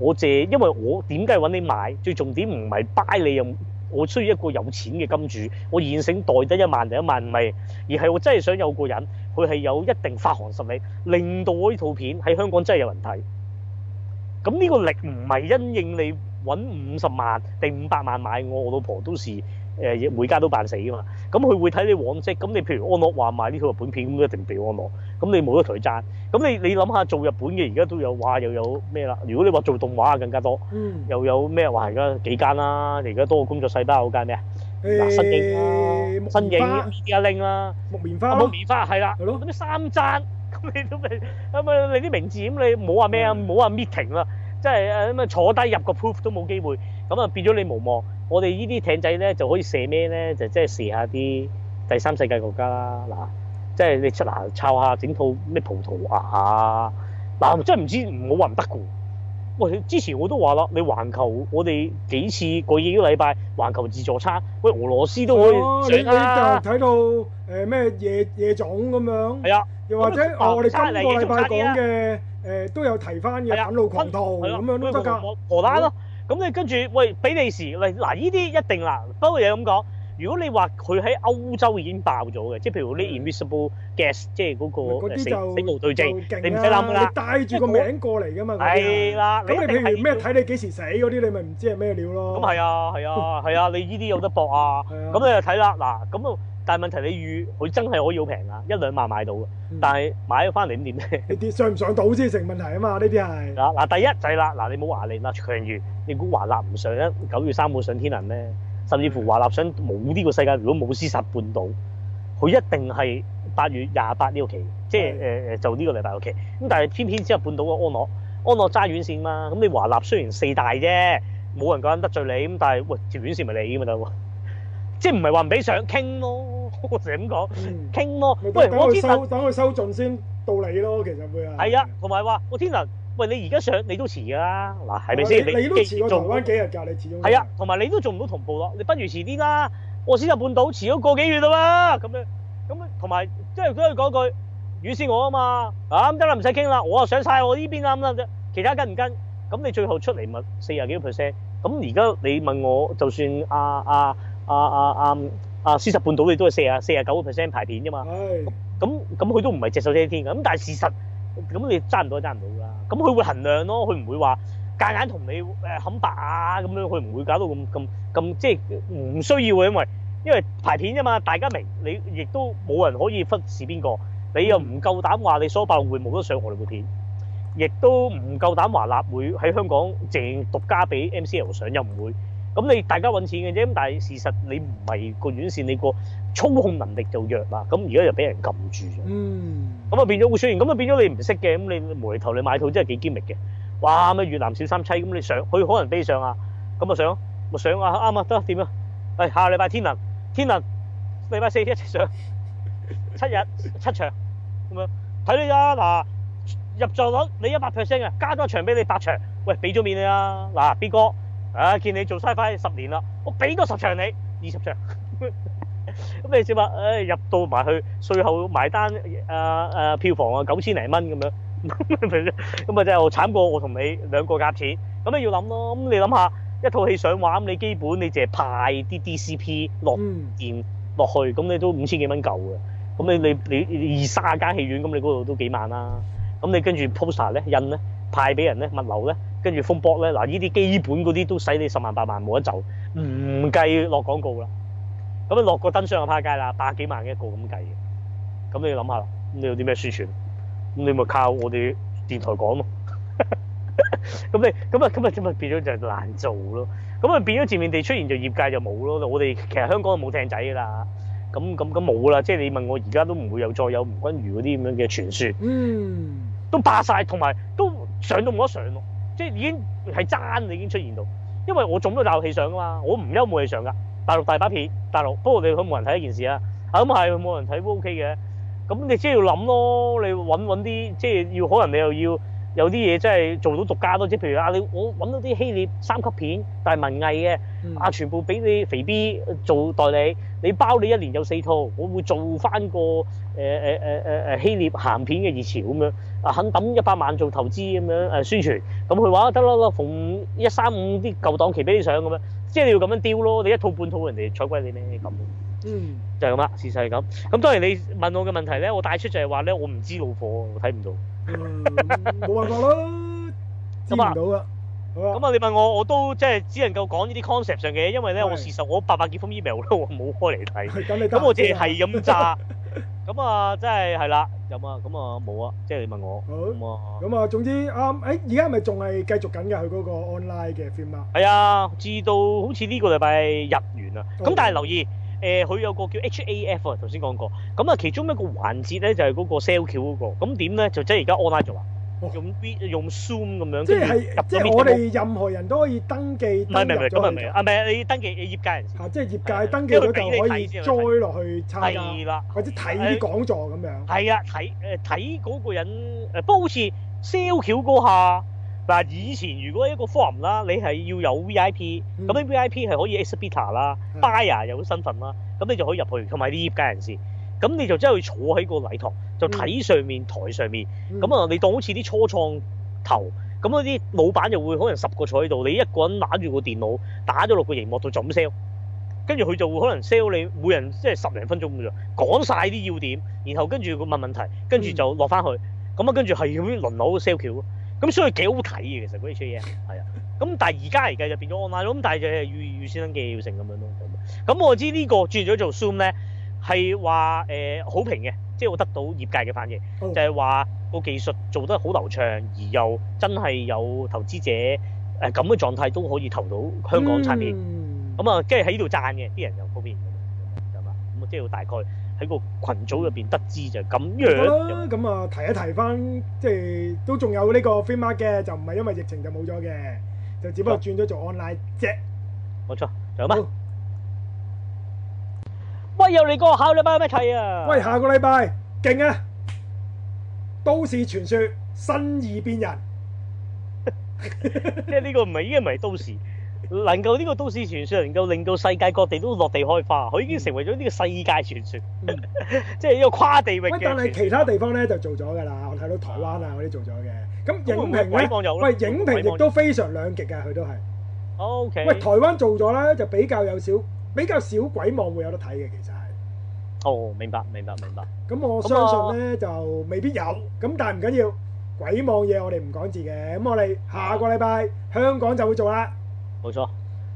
我借，因為我點解搵你買？最重點唔係 buy 你用。我需要一個有錢嘅金主，我現成袋得一萬定一萬唔係，而係我真係想有個人，佢係有一定發行實力，令到我呢套片喺香港真係有人睇。咁呢個力唔係因應你揾五十萬定五百萬買我，我老婆都係誒每家都扮死啊嘛。咁佢會睇你往績，咁你譬如安樂話賣呢套日本片，咁一定俾安樂。咁你冇得同佢讚，咁你你諗下做日本嘅而家都有話，話又有咩啦？如果你話做動畫更加多，嗯、又有咩話？而家幾間啦？而家多個工作細胞嗰間咩、欸、啊？新影、新影、Mia Ling 啦，木棉花、木棉花，係啦，係咯，咁你三讚，咁你都咩？咁啊你啲名字咁你冇話咩啊？冇、嗯、話 meeting 啦，即係誒咁啊坐低入個 proof 都冇機會，咁啊變咗你無望。我哋呢啲艇仔咧就可以射咩咧？就即係射下啲第三世界國家啦。嗱。即係你出嗱抄下整套咩葡萄牙啊嗱、啊，真係唔知道我話唔得嘅喎。喂，之前我都話啦，你環球我哋幾次過幾個禮拜環球自助餐，喂俄羅斯都可以、啊啊、你你就睇到誒咩夜夜總咁樣？係啊，又或者、哦、我哋今個禮拜講嘅誒、啊呃、都有提翻嘅粉路狂徒咁、啊嗯、樣、啊、都得㗎。荷蘭咯，咁你跟住喂比利時喂嗱呢啲一定啦，不過嘢咁講。如果你話佢喺歐洲已經爆咗嘅，即係譬如呢 invisible gas，即係嗰個死無對證，你唔使諗噶啦，你帶住個名過嚟噶嘛，係啦。咁 你譬如咩睇你幾時死嗰啲，你咪唔知係咩料咯。咁係啊，係 啊，係啊，你呢啲有得搏啊。咁你就睇啦，嗱，咁但係問題你預佢真係可以好平啊，一兩萬買到嘅，但係買翻嚟點呢？啲 上唔上到先成問題啊嘛，呢啲係。嗱，嗱，第一就係啦，嗱，你冇好話你嗱長你估華納唔上一九月三號上天能咩？甚至乎華納想冇呢個世界，如果冇屍殺半島，佢一定係八月廿八呢個期，即係誒誒就呢個禮拜個期。咁但係偏偏只有半島個安樂，安樂揸院線嘛。咁你華納雖然四大啫，冇人講得罪你，咁但係喂條院線咪你㗎咪得喎。即係唔係話唔俾想傾咯。我成日咁講，傾咯。不、嗯、如我天能等佢收盡先到你咯，其實會啊。係、哎、啊，同埋話我天能。喂，你而家上你都遲噶啦，嗱係咪先？你都遲咗做返幾日㗎，你始終係啊，同埋你都做唔到同步咯。你不如遲啲啦。我屍殺半島遲咗個幾月啦嘛，咁樣咁同埋即係都係講句，魚先我啊嘛，啱得啦，唔使傾啦。我啊上晒我呢邊啦，咁其他跟唔跟？咁你最後出嚟咪，四廿幾 percent，咁而家你問我就算啊，阿阿阿阿阿屍殺半島，你都係四廿四廿九 percent 排片啫嘛。咁咁佢都唔係隻手遮天噶，咁但係事實咁你爭唔到，爭唔到。咁佢會衡量咯，佢唔會話夾硬同你誒冚白啊咁樣，佢唔會搞到咁咁咁，即係唔需要嘅，因為因為排片啫嘛，大家明，你亦都冇人可以忽視邊個，你又唔夠膽話你蘇百匯冇得上我哋部片，亦都唔夠膽話立會喺香港淨獨家俾 MCL 上又唔會。咁你大家揾錢嘅啫，咁但係事實你唔係個軟線，你個操控能力就弱啦。咁而家就俾人撳住，嗯，咁啊變咗會出現，咁啊變咗你唔識嘅，咁你無厘頭你買套真係幾堅力嘅，哇咩越南小三妻咁你上，佢可能悲上，就上，我上，我上啊，咁啊上，咪上啊啱啊得點啊，係、啊哎、下禮拜天能，天能禮拜四一齊上七日七場咁樣睇你啊嗱、啊、入座率你 100%, 一百 percent 嘅，加多場俾你八場，喂俾咗面你啊嗱、啊、B 哥。啊！見你做 Sci-Fi 十年啦，我俾多十場你二十場，咁 你知嘛、哎？入到埋去最後埋單，啊啊、票房啊九千零蚊咁樣，咁 咪就係慘過我同你兩個夾錢。咁你要諗咯。咁你諗下一套戲上畫，咁你基本你淨係派啲 DCP 落電落去，咁你都五千幾蚊夠嘅。咁你你你，你二卅間戲院，咁你嗰度都幾萬啦、啊。咁你跟住 poster 咧印咧？派俾人咧，物流咧，跟住封 b o 咧，嗱，呢啲基本嗰啲都使你十萬八萬冇得走，唔計落廣告啦。咁啊，落個燈箱喺派街啦，百幾萬嘅一個咁計嘅。咁你要諗下，咁你有啲咩宣傳？咁你咪靠我哋電台講咯。咁 你咁啊咁啊咁啊變咗就難做咯。咁啊變咗前面地出現就業界就冇咯。我哋其實香港冇艇仔噶啦。咁咁咁冇啦。即係你問我而家都唔會有再有吳君如嗰啲咁樣嘅傳説。嗯，都霸晒，同埋都。上都冇得上咯，即係已經係爭，已經出現到，因為我總都大陸戲上噶嘛，我唔憂冇戲上噶，大陸大把片，大陸不過你去冇人睇一件事啊，咁係冇人睇都 OK 嘅，咁你即係要諗咯，你搵搵啲即係要，可能你又要。有啲嘢真係做到獨家多，即譬如啊，你我揾到啲希臘三級片，但係文藝嘅，啊、嗯、全部俾你肥 B 做代理，你包你一年有四套，我會做翻個誒誒誒希臘鹹片嘅熱潮咁樣，啊，肯抌一百萬做投資咁樣誒宣傳，咁佢話得啦啦，逢一三五啲舊檔期俾你上咁樣，即係你要咁樣丟咯，你一套半套人哋採鬼你咩咁，嗯，就係咁啦，事實係咁。咁當然你問我嘅問題咧，我帶出就係話咧，我唔知老婆，我睇唔到。冇辦法咯，接唔到啊，咁啊，你問我我都即係只能夠講呢啲 concept 上嘅，因為咧我事實我八百幾封 email 都，我冇開嚟睇。咁我即係係咁詐。咁啊，即係係啦。咁啊，咁啊冇啊。即係你問我。咁 啊，啊啊總之啱。誒、啊，而家係咪仲係繼續緊嘅佢嗰個 online 嘅 film 啊？係啊，至到好似呢個禮拜日完啦。咁、嗯、但係留意。嗯誒、呃、佢有個叫 HAF 啊，頭先講過，咁啊其中一個環節咧就係、係、嗰個 sell 橋嗰個，咁點咧就即係而家 online 咗啦，用 b e 用 zoom 咁樣即係即係我哋任何人都可以登記，唔係唔係唔係，咁唔係啊，你登記你業界人士、啊，即係業界登記咗就，就可以再落去參加啦，或者睇講座咁樣，係啊，睇睇嗰個人，不過好似 sell 橋嗰下。嗱，以前如果一個 forum 啦，你係要有 V I P，咁、嗯、啲 V I P 係可以 Sponsor 啦，Buyer 有身份啦，咁你就可以入去同埋啲業界人士，咁你就真係坐喺個禮堂，就睇上面、嗯、台上面，咁、嗯、啊，你當好似啲初創頭，咁嗰啲老闆就會可能十個坐喺度，你一個人拿住個電腦打咗六個熒幕度就咁 sell，跟住佢就會可能 sell 你每人即係十零分鐘咁樣，講晒啲要點，然後跟住問問題，跟住就落翻去，咁啊跟住係咁樣輪流 sell 橋。咁所以幾好睇嘅，其實嗰啲出嘢係啊。咁但係而家嚟計就變咗 online 咯。咁但係就係預預先登記要成咁樣咯。咁我知呢、呢個轉咗做 Zoom 咧，係話誒好平嘅，即、就、係、是、我得到業界嘅反應，哦、就係、是、話個技術做得好流暢，而又真係有投資者誒咁嘅狀態都可以投到香港產片。咁、嗯、啊，即係喺呢度贊嘅啲人又方便咁啊。咁啊，即係大概。喺個群組入邊得知就咁樣，咁啊提一提翻，即係都仲有呢個 Filmart 嘅，就唔係因為疫情就冇咗嘅，就只不過轉咗做 online 啫。冇錯，走吧！喂，又嚟個下禮拜咩題啊？喂，下個禮拜，勁啊！都市傳說，新意變人。即係呢個唔係，已經唔係都市。能夠呢個都市傳說能夠令到世界各地都落地開花，佢已經成為咗呢個世界傳說，即係一個跨地域嘅。但係其他地方咧就做咗噶啦，我睇到台灣啊嗰啲做咗嘅。咁影評咧，喂，影評亦都非常兩極嘅，佢都係。O K。喂，台灣做咗咧就比較有少比較少鬼網會有得睇嘅，其實係。哦，明白，明白，明白。咁我相信咧就未必有，咁但係唔緊要，鬼網嘢我哋唔講字嘅。咁我哋下個禮拜香港就會做啦。冇錯，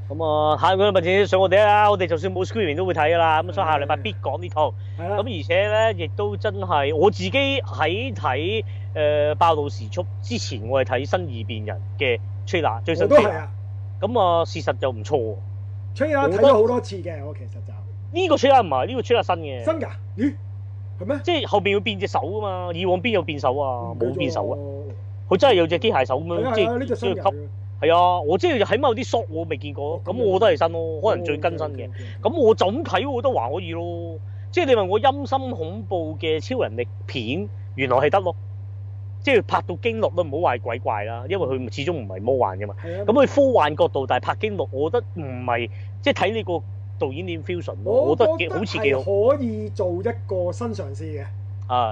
咁啊，下一個的問題上我哋啦，我哋就算冇 screen 都會睇噶啦，咁所以下禮拜必講呢套，咁而且咧亦都真係我自己喺睇誒《爆、呃、怒時速》之前我新人的 trailer,，我係睇、啊《新異變人》嘅 trailer 最新嘅，咁啊事實就唔錯。trailer 睇咗好多次嘅，我其實就呢、這個 trailer 唔係呢個 trailer 新嘅，新噶？咦，係咩？即係後邊要變隻手噶嘛？以往邊有變手啊？冇、那個、變手啊？佢真係有隻機械手咁樣，即係要吸。係啊，我即係起碼有啲 shot 我未見過，咁、哦嗯、我都係新咯、哦，可能最更新嘅。咁、哦、我就咁睇，我覺得還可以咯。即係你問我陰森恐怖嘅超人力片，原來係得咯。即係拍到驚悚都唔好話鬼怪啦，因為佢始終唔係魔幻嘅嘛。咁、嗯、佢、嗯嗯嗯、科幻角度，但係拍驚悚，我覺得唔係即係睇呢個導演點 fusion 咯，我覺得好似幾好可以做一個新嘗試嘅。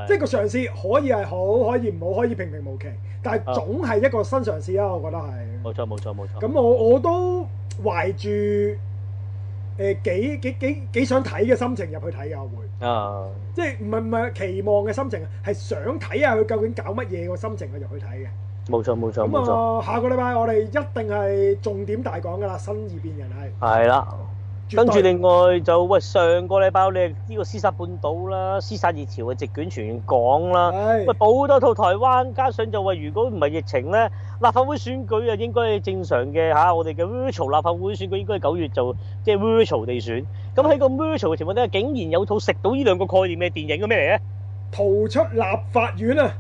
即係個嘗試可以係好，可以唔好，可以平平無奇，但係總係一個新嘗試啊！我覺得係。冇錯，冇錯，冇錯。咁我我都懷住誒、呃、幾幾幾幾想睇嘅心情入去睇啊！我會啊，即係唔係唔係期望嘅心情啊，係想睇下佢究竟搞乜嘢個心情去入去睇嘅。冇錯，冇錯，冇、呃、錯。咁啊，下個禮拜我哋一定係重點大講㗎啦，新異變人係。係啦。跟住另外就喂，上個禮拜我呢個《屍殺半島》啦，《屍殺熱潮啊，席捲全港啦。喂，補多套台灣，加上就喂，如果唔係疫情咧，立法會選舉啊，應該係正常嘅吓，我哋嘅 virtual 立法會選舉應該係九月就即係、就是、virtual 地選。咁喺個 virtual 嘅情況底下，竟然有套食到呢兩個概念嘅電影嘅咩嚟嘅？逃出立法院啊！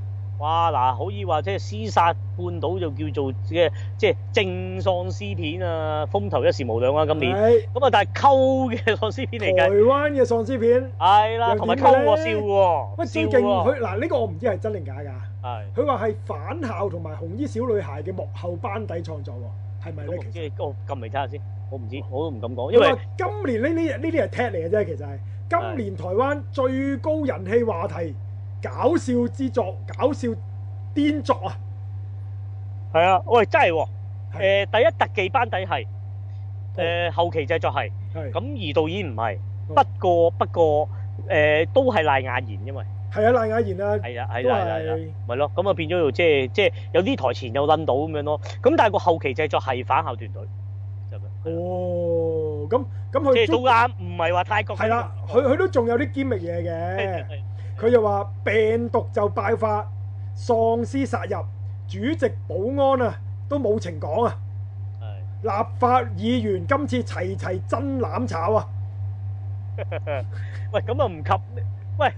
哇！嗱，可以話即係《屍殺半島》就叫做嘅即係正喪屍片啊，風頭一時無兩啦今年。咁啊，但係溝嘅喪屍片嚟嘅。台灣嘅喪屍片。係啦，同埋溝喎笑喎。笑勁佢，嗱，呢個我唔知係真定假㗎。係。佢話係返校同埋紅衣小女孩嘅幕後班底創作喎，係咪咧？唔知我撳嚟睇下先。我唔知，我都唔敢講，因為今年呢呢呢啲係 tag 嚟嘅啫，其實係今年台灣最高人氣話題。搞笑之作，搞笑癲作啊！係啊，喂，真係喎。誒，第一特技班底係，誒後期製作係，咁而導演唔係。不過不過誒都係賴雅妍，因為係啊，賴雅妍啦，係啊係啊，係咪咯？咁啊變咗又即係即係有啲台前又撚到咁樣咯。咁但係個後期製作係反校團隊，係咪？哦，咁咁佢即係都啱，唔係話太過係啦。佢佢都仲有啲堅密嘢嘅。佢就話病毒就爆發，喪屍殺入，主席保安啊都冇情講啊！立法議員今次齊齊真攬炒啊！ 喂，咁又唔及？喂，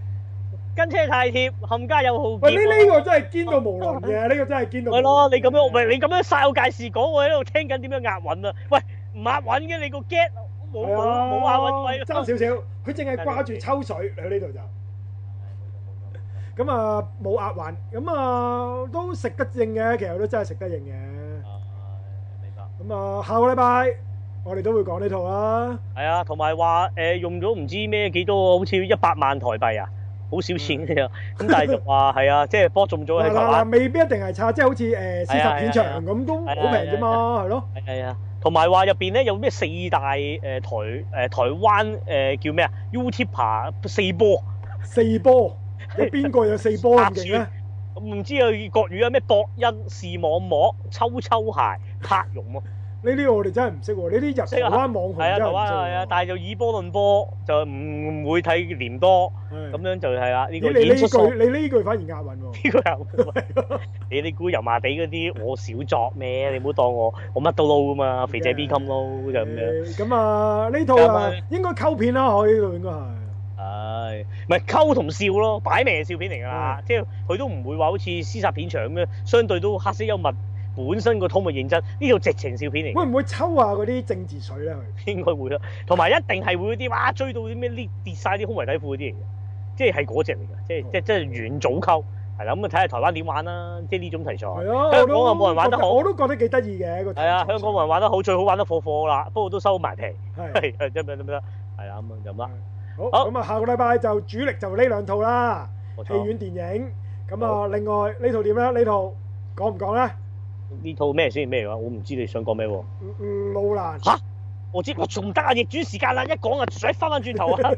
跟車太貼，冚家有好、啊。喂，呢呢個真係堅到無倫嘅，呢個真係堅到。係咯，你咁樣唔、啊、你咁樣曬我介時講，我喺度聽緊點樣押韻啊？喂，唔押韻嘅你個 get 冇冇冇押韻位，爭少少，佢淨係掛住抽水你喺呢度就。咁、嗯、啊，冇壓環，咁、嗯、啊、嗯、都食得應嘅，其實都真係食得應嘅、啊。明白。咁、嗯、啊，下個禮拜我哋都會講呢套啊。係啊，同埋話用咗唔知咩幾多好似一百萬台幣啊，好少錢嘅。咁、嗯、但係就話係 啊，即係波中咗、啊啊、未必一定係差，即係好似誒私宅片場咁、啊啊、都好平啫嘛，係咯。係啊，同埋話入邊咧有咩四大台、呃、台灣、呃、叫咩啊？YouTuber 四波。四波。你邊個有四波咁勁，唔知有國語啊咩？博恩、視網膜、抽抽鞋、黑熊 你呢啲我哋真係唔識喎。呢啲日台灣網紅，就係就但係就以波論波，就唔會睇廉多，咁樣就係啦、這個。呢個演出你呢句你呢句反而押韻喎、啊。呢句押韻係。你啲估油麻地嗰啲我少作咩？你唔好當我我乜都撈㗎嘛。肥仔 B 金撈就咁樣。咁啊呢套啊應該溝片啦、啊。我呢套應該係。係，咪溝同笑咯，擺明係笑片嚟噶啦，嗯、即係佢都唔會話好似屍殺片場咁樣，相對都黑色幽默，本身個 topic 認真，呢度直情笑片嚟。會唔會抽下嗰啲政治水咧？佢應該會啦，同埋一定係會啲哇追到啲咩呢跌晒啲胸圍底褲嗰啲嚟嘅，即係係嗰隻嚟嘅，即係、嗯、即係即係遠早溝，係啦咁啊睇下台灣點玩啦，即係呢種題材。香港啊冇人玩得好，我都覺得幾得意嘅。係啊，香港人玩得好，最好玩得火火啦，不過都收埋皮，得得？係啊，咁就乜？好，咁啊，下個禮拜就主力就呢兩套啦，戲院電影。咁啊，另外呢套點樣呢？呢套點咧？說說呢呢套講唔講咧？呢套咩先？咩話？我唔知你想講咩喎。嗯，路蘭。吓？我知，我仲唔得啊！逆轉時間啦、啊，一講啊，想翻翻轉頭啊！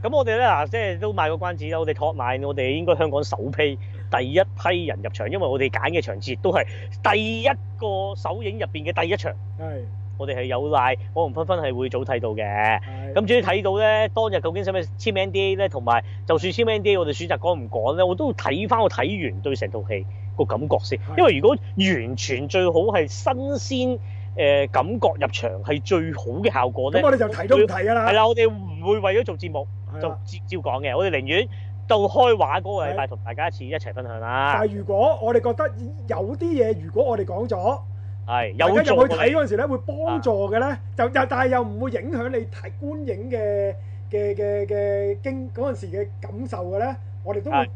咁我哋咧，即係都賣個關子啦。我哋託買，我哋應該香港首批第一批人入場，因為我哋揀嘅場次都係第一個首映入邊嘅第一場。係。我哋係有賴我同分分係會早睇到嘅，咁至於睇到咧，當日究竟使唔使簽 NDA 咧，同埋就算簽 NDA，我哋選擇講唔講咧，我都會睇翻我睇完對成套戲個感覺先。因為如果完全最好係新鮮、呃、感覺入場係最好嘅效果咧，咁我哋就睇都要睇㗎啦。係啦，我哋唔會為咗做節目就照，照講嘅，我哋寧願到開畫嗰個禮拜，同大家一齊一齊分享啦。但係如果我哋覺得有啲嘢，如果我哋講咗。係有入去睇嗰陣時咧，會幫助嘅咧，就就但係又唔會影響你睇觀影嘅嘅嘅嘅經嗰陣時嘅感受嘅咧。我哋都會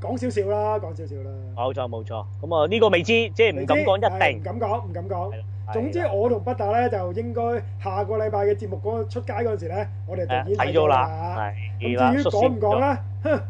講少少啦，講少少啦。冇錯冇錯，咁啊呢個未知，即係唔敢講一定，唔敢講唔敢講。總之我同北大咧，就應該下個禮拜嘅節目嗰出街嗰陣時咧，我哋就已經睇咗啦。咁至於講唔講咧？哼，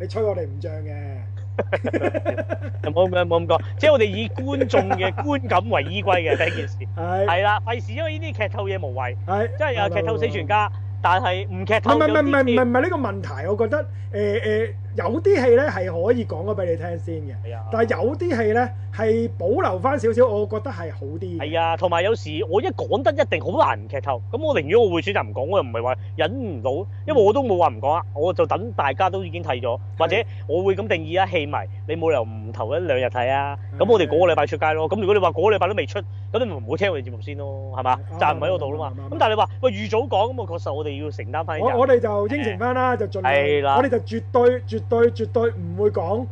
你吹我哋唔脹嘅。冇咁樣，冇咁講，即係我哋以觀眾嘅觀感為依歸嘅， 第一件事係係啦，費事因為呢啲劇透嘢無謂，即係又劇透死全家， 但係唔劇透又呢啲。唔係唔係唔係唔係唔係呢個問題，我覺得誒誒。呃呃有啲戲咧係可以講咗俾你聽先嘅、哎，但係有啲戲咧係保留翻少少，我覺得係好啲嘅。啊、哎，同埋有，有時我一講得一定好難劇透，咁我寧願我會選擇唔講，我又唔係話忍唔到，因為我都冇話唔講啊，我就等大家都已經睇咗，或者我會咁定義啊戲迷，你冇理由唔頭一兩日睇啊，咁我哋嗰個禮拜出街咯。咁如果你話嗰個禮拜都未出，咁你唔會聽我哋節目先咯，係嘛、啊？站唔喺嗰度啦嘛。咁但係你話喂預早講咁啊，確實我哋要承擔翻。我哋就應承翻啦，就盡量我哋就絕對絕對。對，絕對唔會講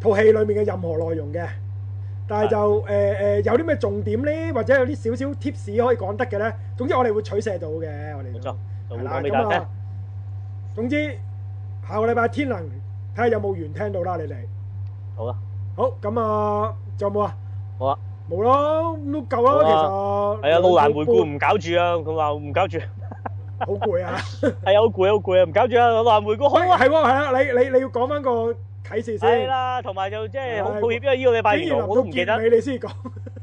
套戲裏面嘅任何內容嘅，但係就誒誒有啲咩重點咧？或者有啲少少 tips 可以講得嘅咧，總之我哋會取捨到嘅，我哋冇錯係啦，咁啊，總之下個禮拜天能睇下有冇緣聽到啦，你哋好啦，好咁啊，仲有冇啊？好啊，冇囉，都夠啦，其實係啊，路蘭回顧唔搞住啊，佢話唔搞住。好攰啊！係 啊，好攰，好攰啊！唔搞住啊，老蘭梅哥，係喎，係啊，你你你要講翻個啟事先啦，同埋就即係好抱歉，因為呢個禮拜我都唔記得你你先講，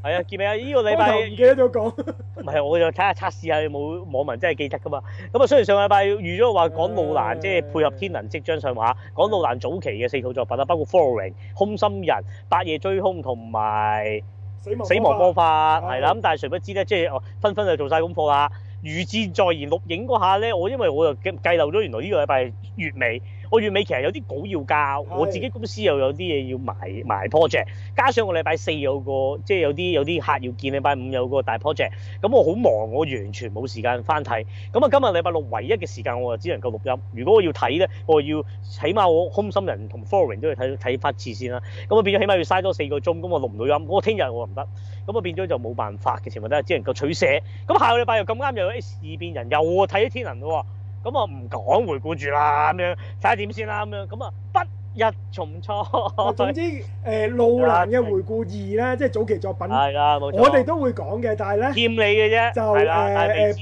係 啊，見未啊，呢、呢個禮拜唔記得咗講，唔 係，我就睇下測試下有冇網民真係記得噶嘛？咁啊，雖然上禮拜預咗話講羅蘭，即係配合天能即將上畫，講羅蘭早期嘅四套作品啊，包括《Following》、《空心人》、《白夜追兇》同埋《死亡魔法》死亡。係、啊、啦，咁但係誰不知咧，即係哦，紛紛就做晒功課啦。如箭在弦，錄影嗰下呢我因為我又計計漏咗，原來呢個禮拜月尾。我月尾其實有啲稿要交，我自己公司又有啲嘢要埋埋 project，加上我禮拜四有個即係有啲有啲客要見，禮拜五有個大 project，咁我好忙，我完全冇時間翻睇。咁啊，今日禮拜六唯一嘅時間，我就只能夠錄音。如果我要睇咧，我要起碼我空心人同 Following 都要睇睇翻次先啦。咁我變咗起碼要嘥多四個鐘，咁我錄唔到音。我聽日我唔得，咁啊變咗就冇辦法嘅情況底下，只能夠取捨。咁下個禮拜又咁啱又有 S 二變人，又睇咗天能喎。咁我唔講回顧住啦，咁樣睇下點先啦，咁樣咁啊不日重錯。我總之誒、呃、路蘭嘅回顧二咧，即係早期作品。係啦，冇錯我哋都會講嘅，但係咧。欠你嘅啫。就誒誒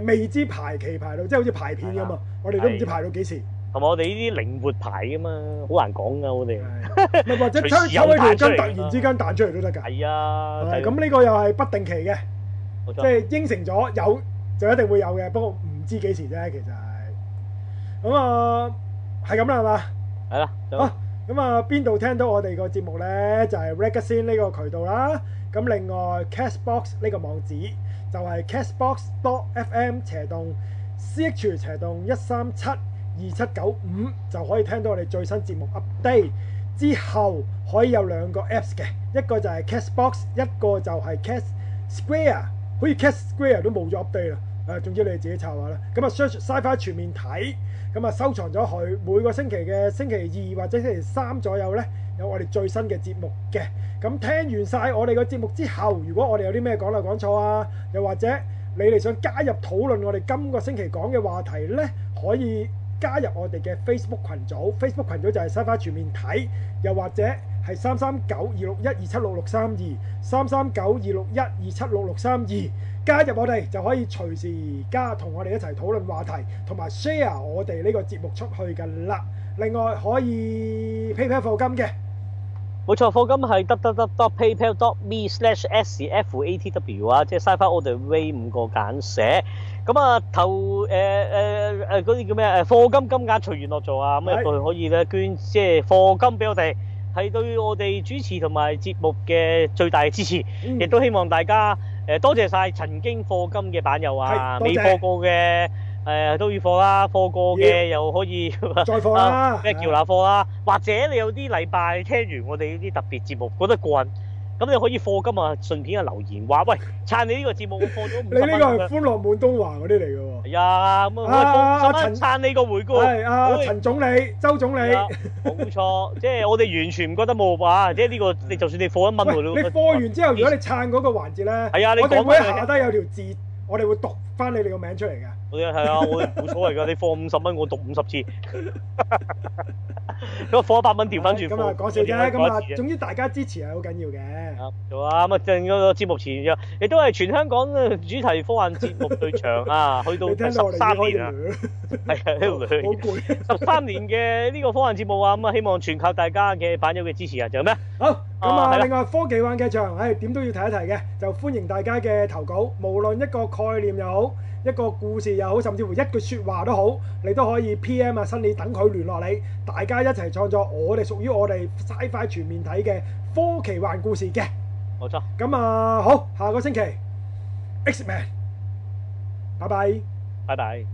誒誒未知排期排到，即係好似排片咁嘛，我哋都唔知排到幾時。係咪我哋呢啲靈活排啊嘛？好難講㗎，我哋。唔係或者抽抽到根，突然之間彈出嚟都得㗎。係啊。咁呢個又係不定期嘅，即係應承咗有就一定會有嘅，不過。唔知幾時啫，其實係咁，嗯、啊，係咁啦，係嘛係啦，好 咁樂 啊，邊、嗯、度聽到我哋個節目呢？就係，是，Ragazine 呢個渠道啦。咁，嗯、另外，Castbox 呢個網址就係 castbox.fm 斜洞 C H 斜洞一三七二七九五，就可以聽到我哋最新節目 update。之後可以有兩個 Apps 嘅，一個就係 Castbox，一個就係 Cast Square。好似 Cast Square 都冇咗 update 啦。誒、啊，總之你哋自己查下啦。咁啊，search Sci-Fi 全面睇，咁啊收藏咗佢。每個星期嘅星期二或者星期三左右呢，有我哋最新嘅節目嘅。咁聽完晒我哋個節目之後，如果我哋有啲咩講漏講錯啊，又或者你哋想加入討論我哋今個星期講嘅話題呢，可以加入我哋嘅 Facebook 群組。Facebook 群組就係 Sci-Fi 全面睇，又或者係三三九二六一二七六六三二三三九二六一二七六六三二。加入我哋就可以隨時而家同我哋一齊討論話題，同埋 share 我哋呢個節目出去嘅啦。另外可以 PayPal 課金嘅，冇錯，課金係 dot dot PayPal dot me slash S F A T W 啊，即係 f i 我哋 V 五個簡寫。咁啊，頭誒誒誒嗰啲叫咩？誒課金金額隨緣落做啊！咁入去可以咧捐，即係課金俾我哋，係對我哋主持同埋節目嘅最大嘅支持，亦、嗯、都希望大家。誒多謝曬曾經課金嘅版友啊，未課過嘅誒、呃、都要課啦，課過嘅又可以 再課啦，咩叫下課啦，或者你有啲禮拜聽完我哋呢啲特別節目，覺得過咁你可以課金啊，順便啊留言話喂，撐你呢個節目，我課咗五十蚊。你呢個係歡樂滿東華嗰啲嚟㗎喎。係、哎、啊，咁啊，乜、啊、撐你呢個回顧？係啊，啊，我啊陳總理、周總理。冇、哎、錯，即 係我哋完全唔覺得冇話？即係呢個，你就算你課一蚊，你課完之後，哎、如果你撐嗰個環節咧，我哋會下低有條字，我哋會讀翻你哋個名出嚟嘅。係 啊，我哋冇所謂噶，你放五十蚊，我讀五十次。咁 啊，放一百蚊調翻轉。咁啊，講笑啫。咁啊，總之大家支持係好緊要嘅。好，啊，咁啊，正個節目前亦都係全香港嘅主題科幻節目最長 啊，去到十三年啊。係啊，好 攰。十我三 年嘅呢個科幻節目啊，咁啊，希望全靠大家嘅版友嘅支持啊。仲有咩？好，咁啊，啊，另外科技幻劇場，唉、哎，點都要提一提嘅，就歡迎大家嘅投稿，無論一個概念又好。一個故事又好，甚至乎一句說話都好，你都可以 PM 啊，Sunny 等佢聯絡你，大家一齊創作。我哋屬於我哋 Sci-Fi 全面睇嘅科奇幻故事嘅，冇錯。咁啊，好，下個星期 Xman，拜拜，拜拜。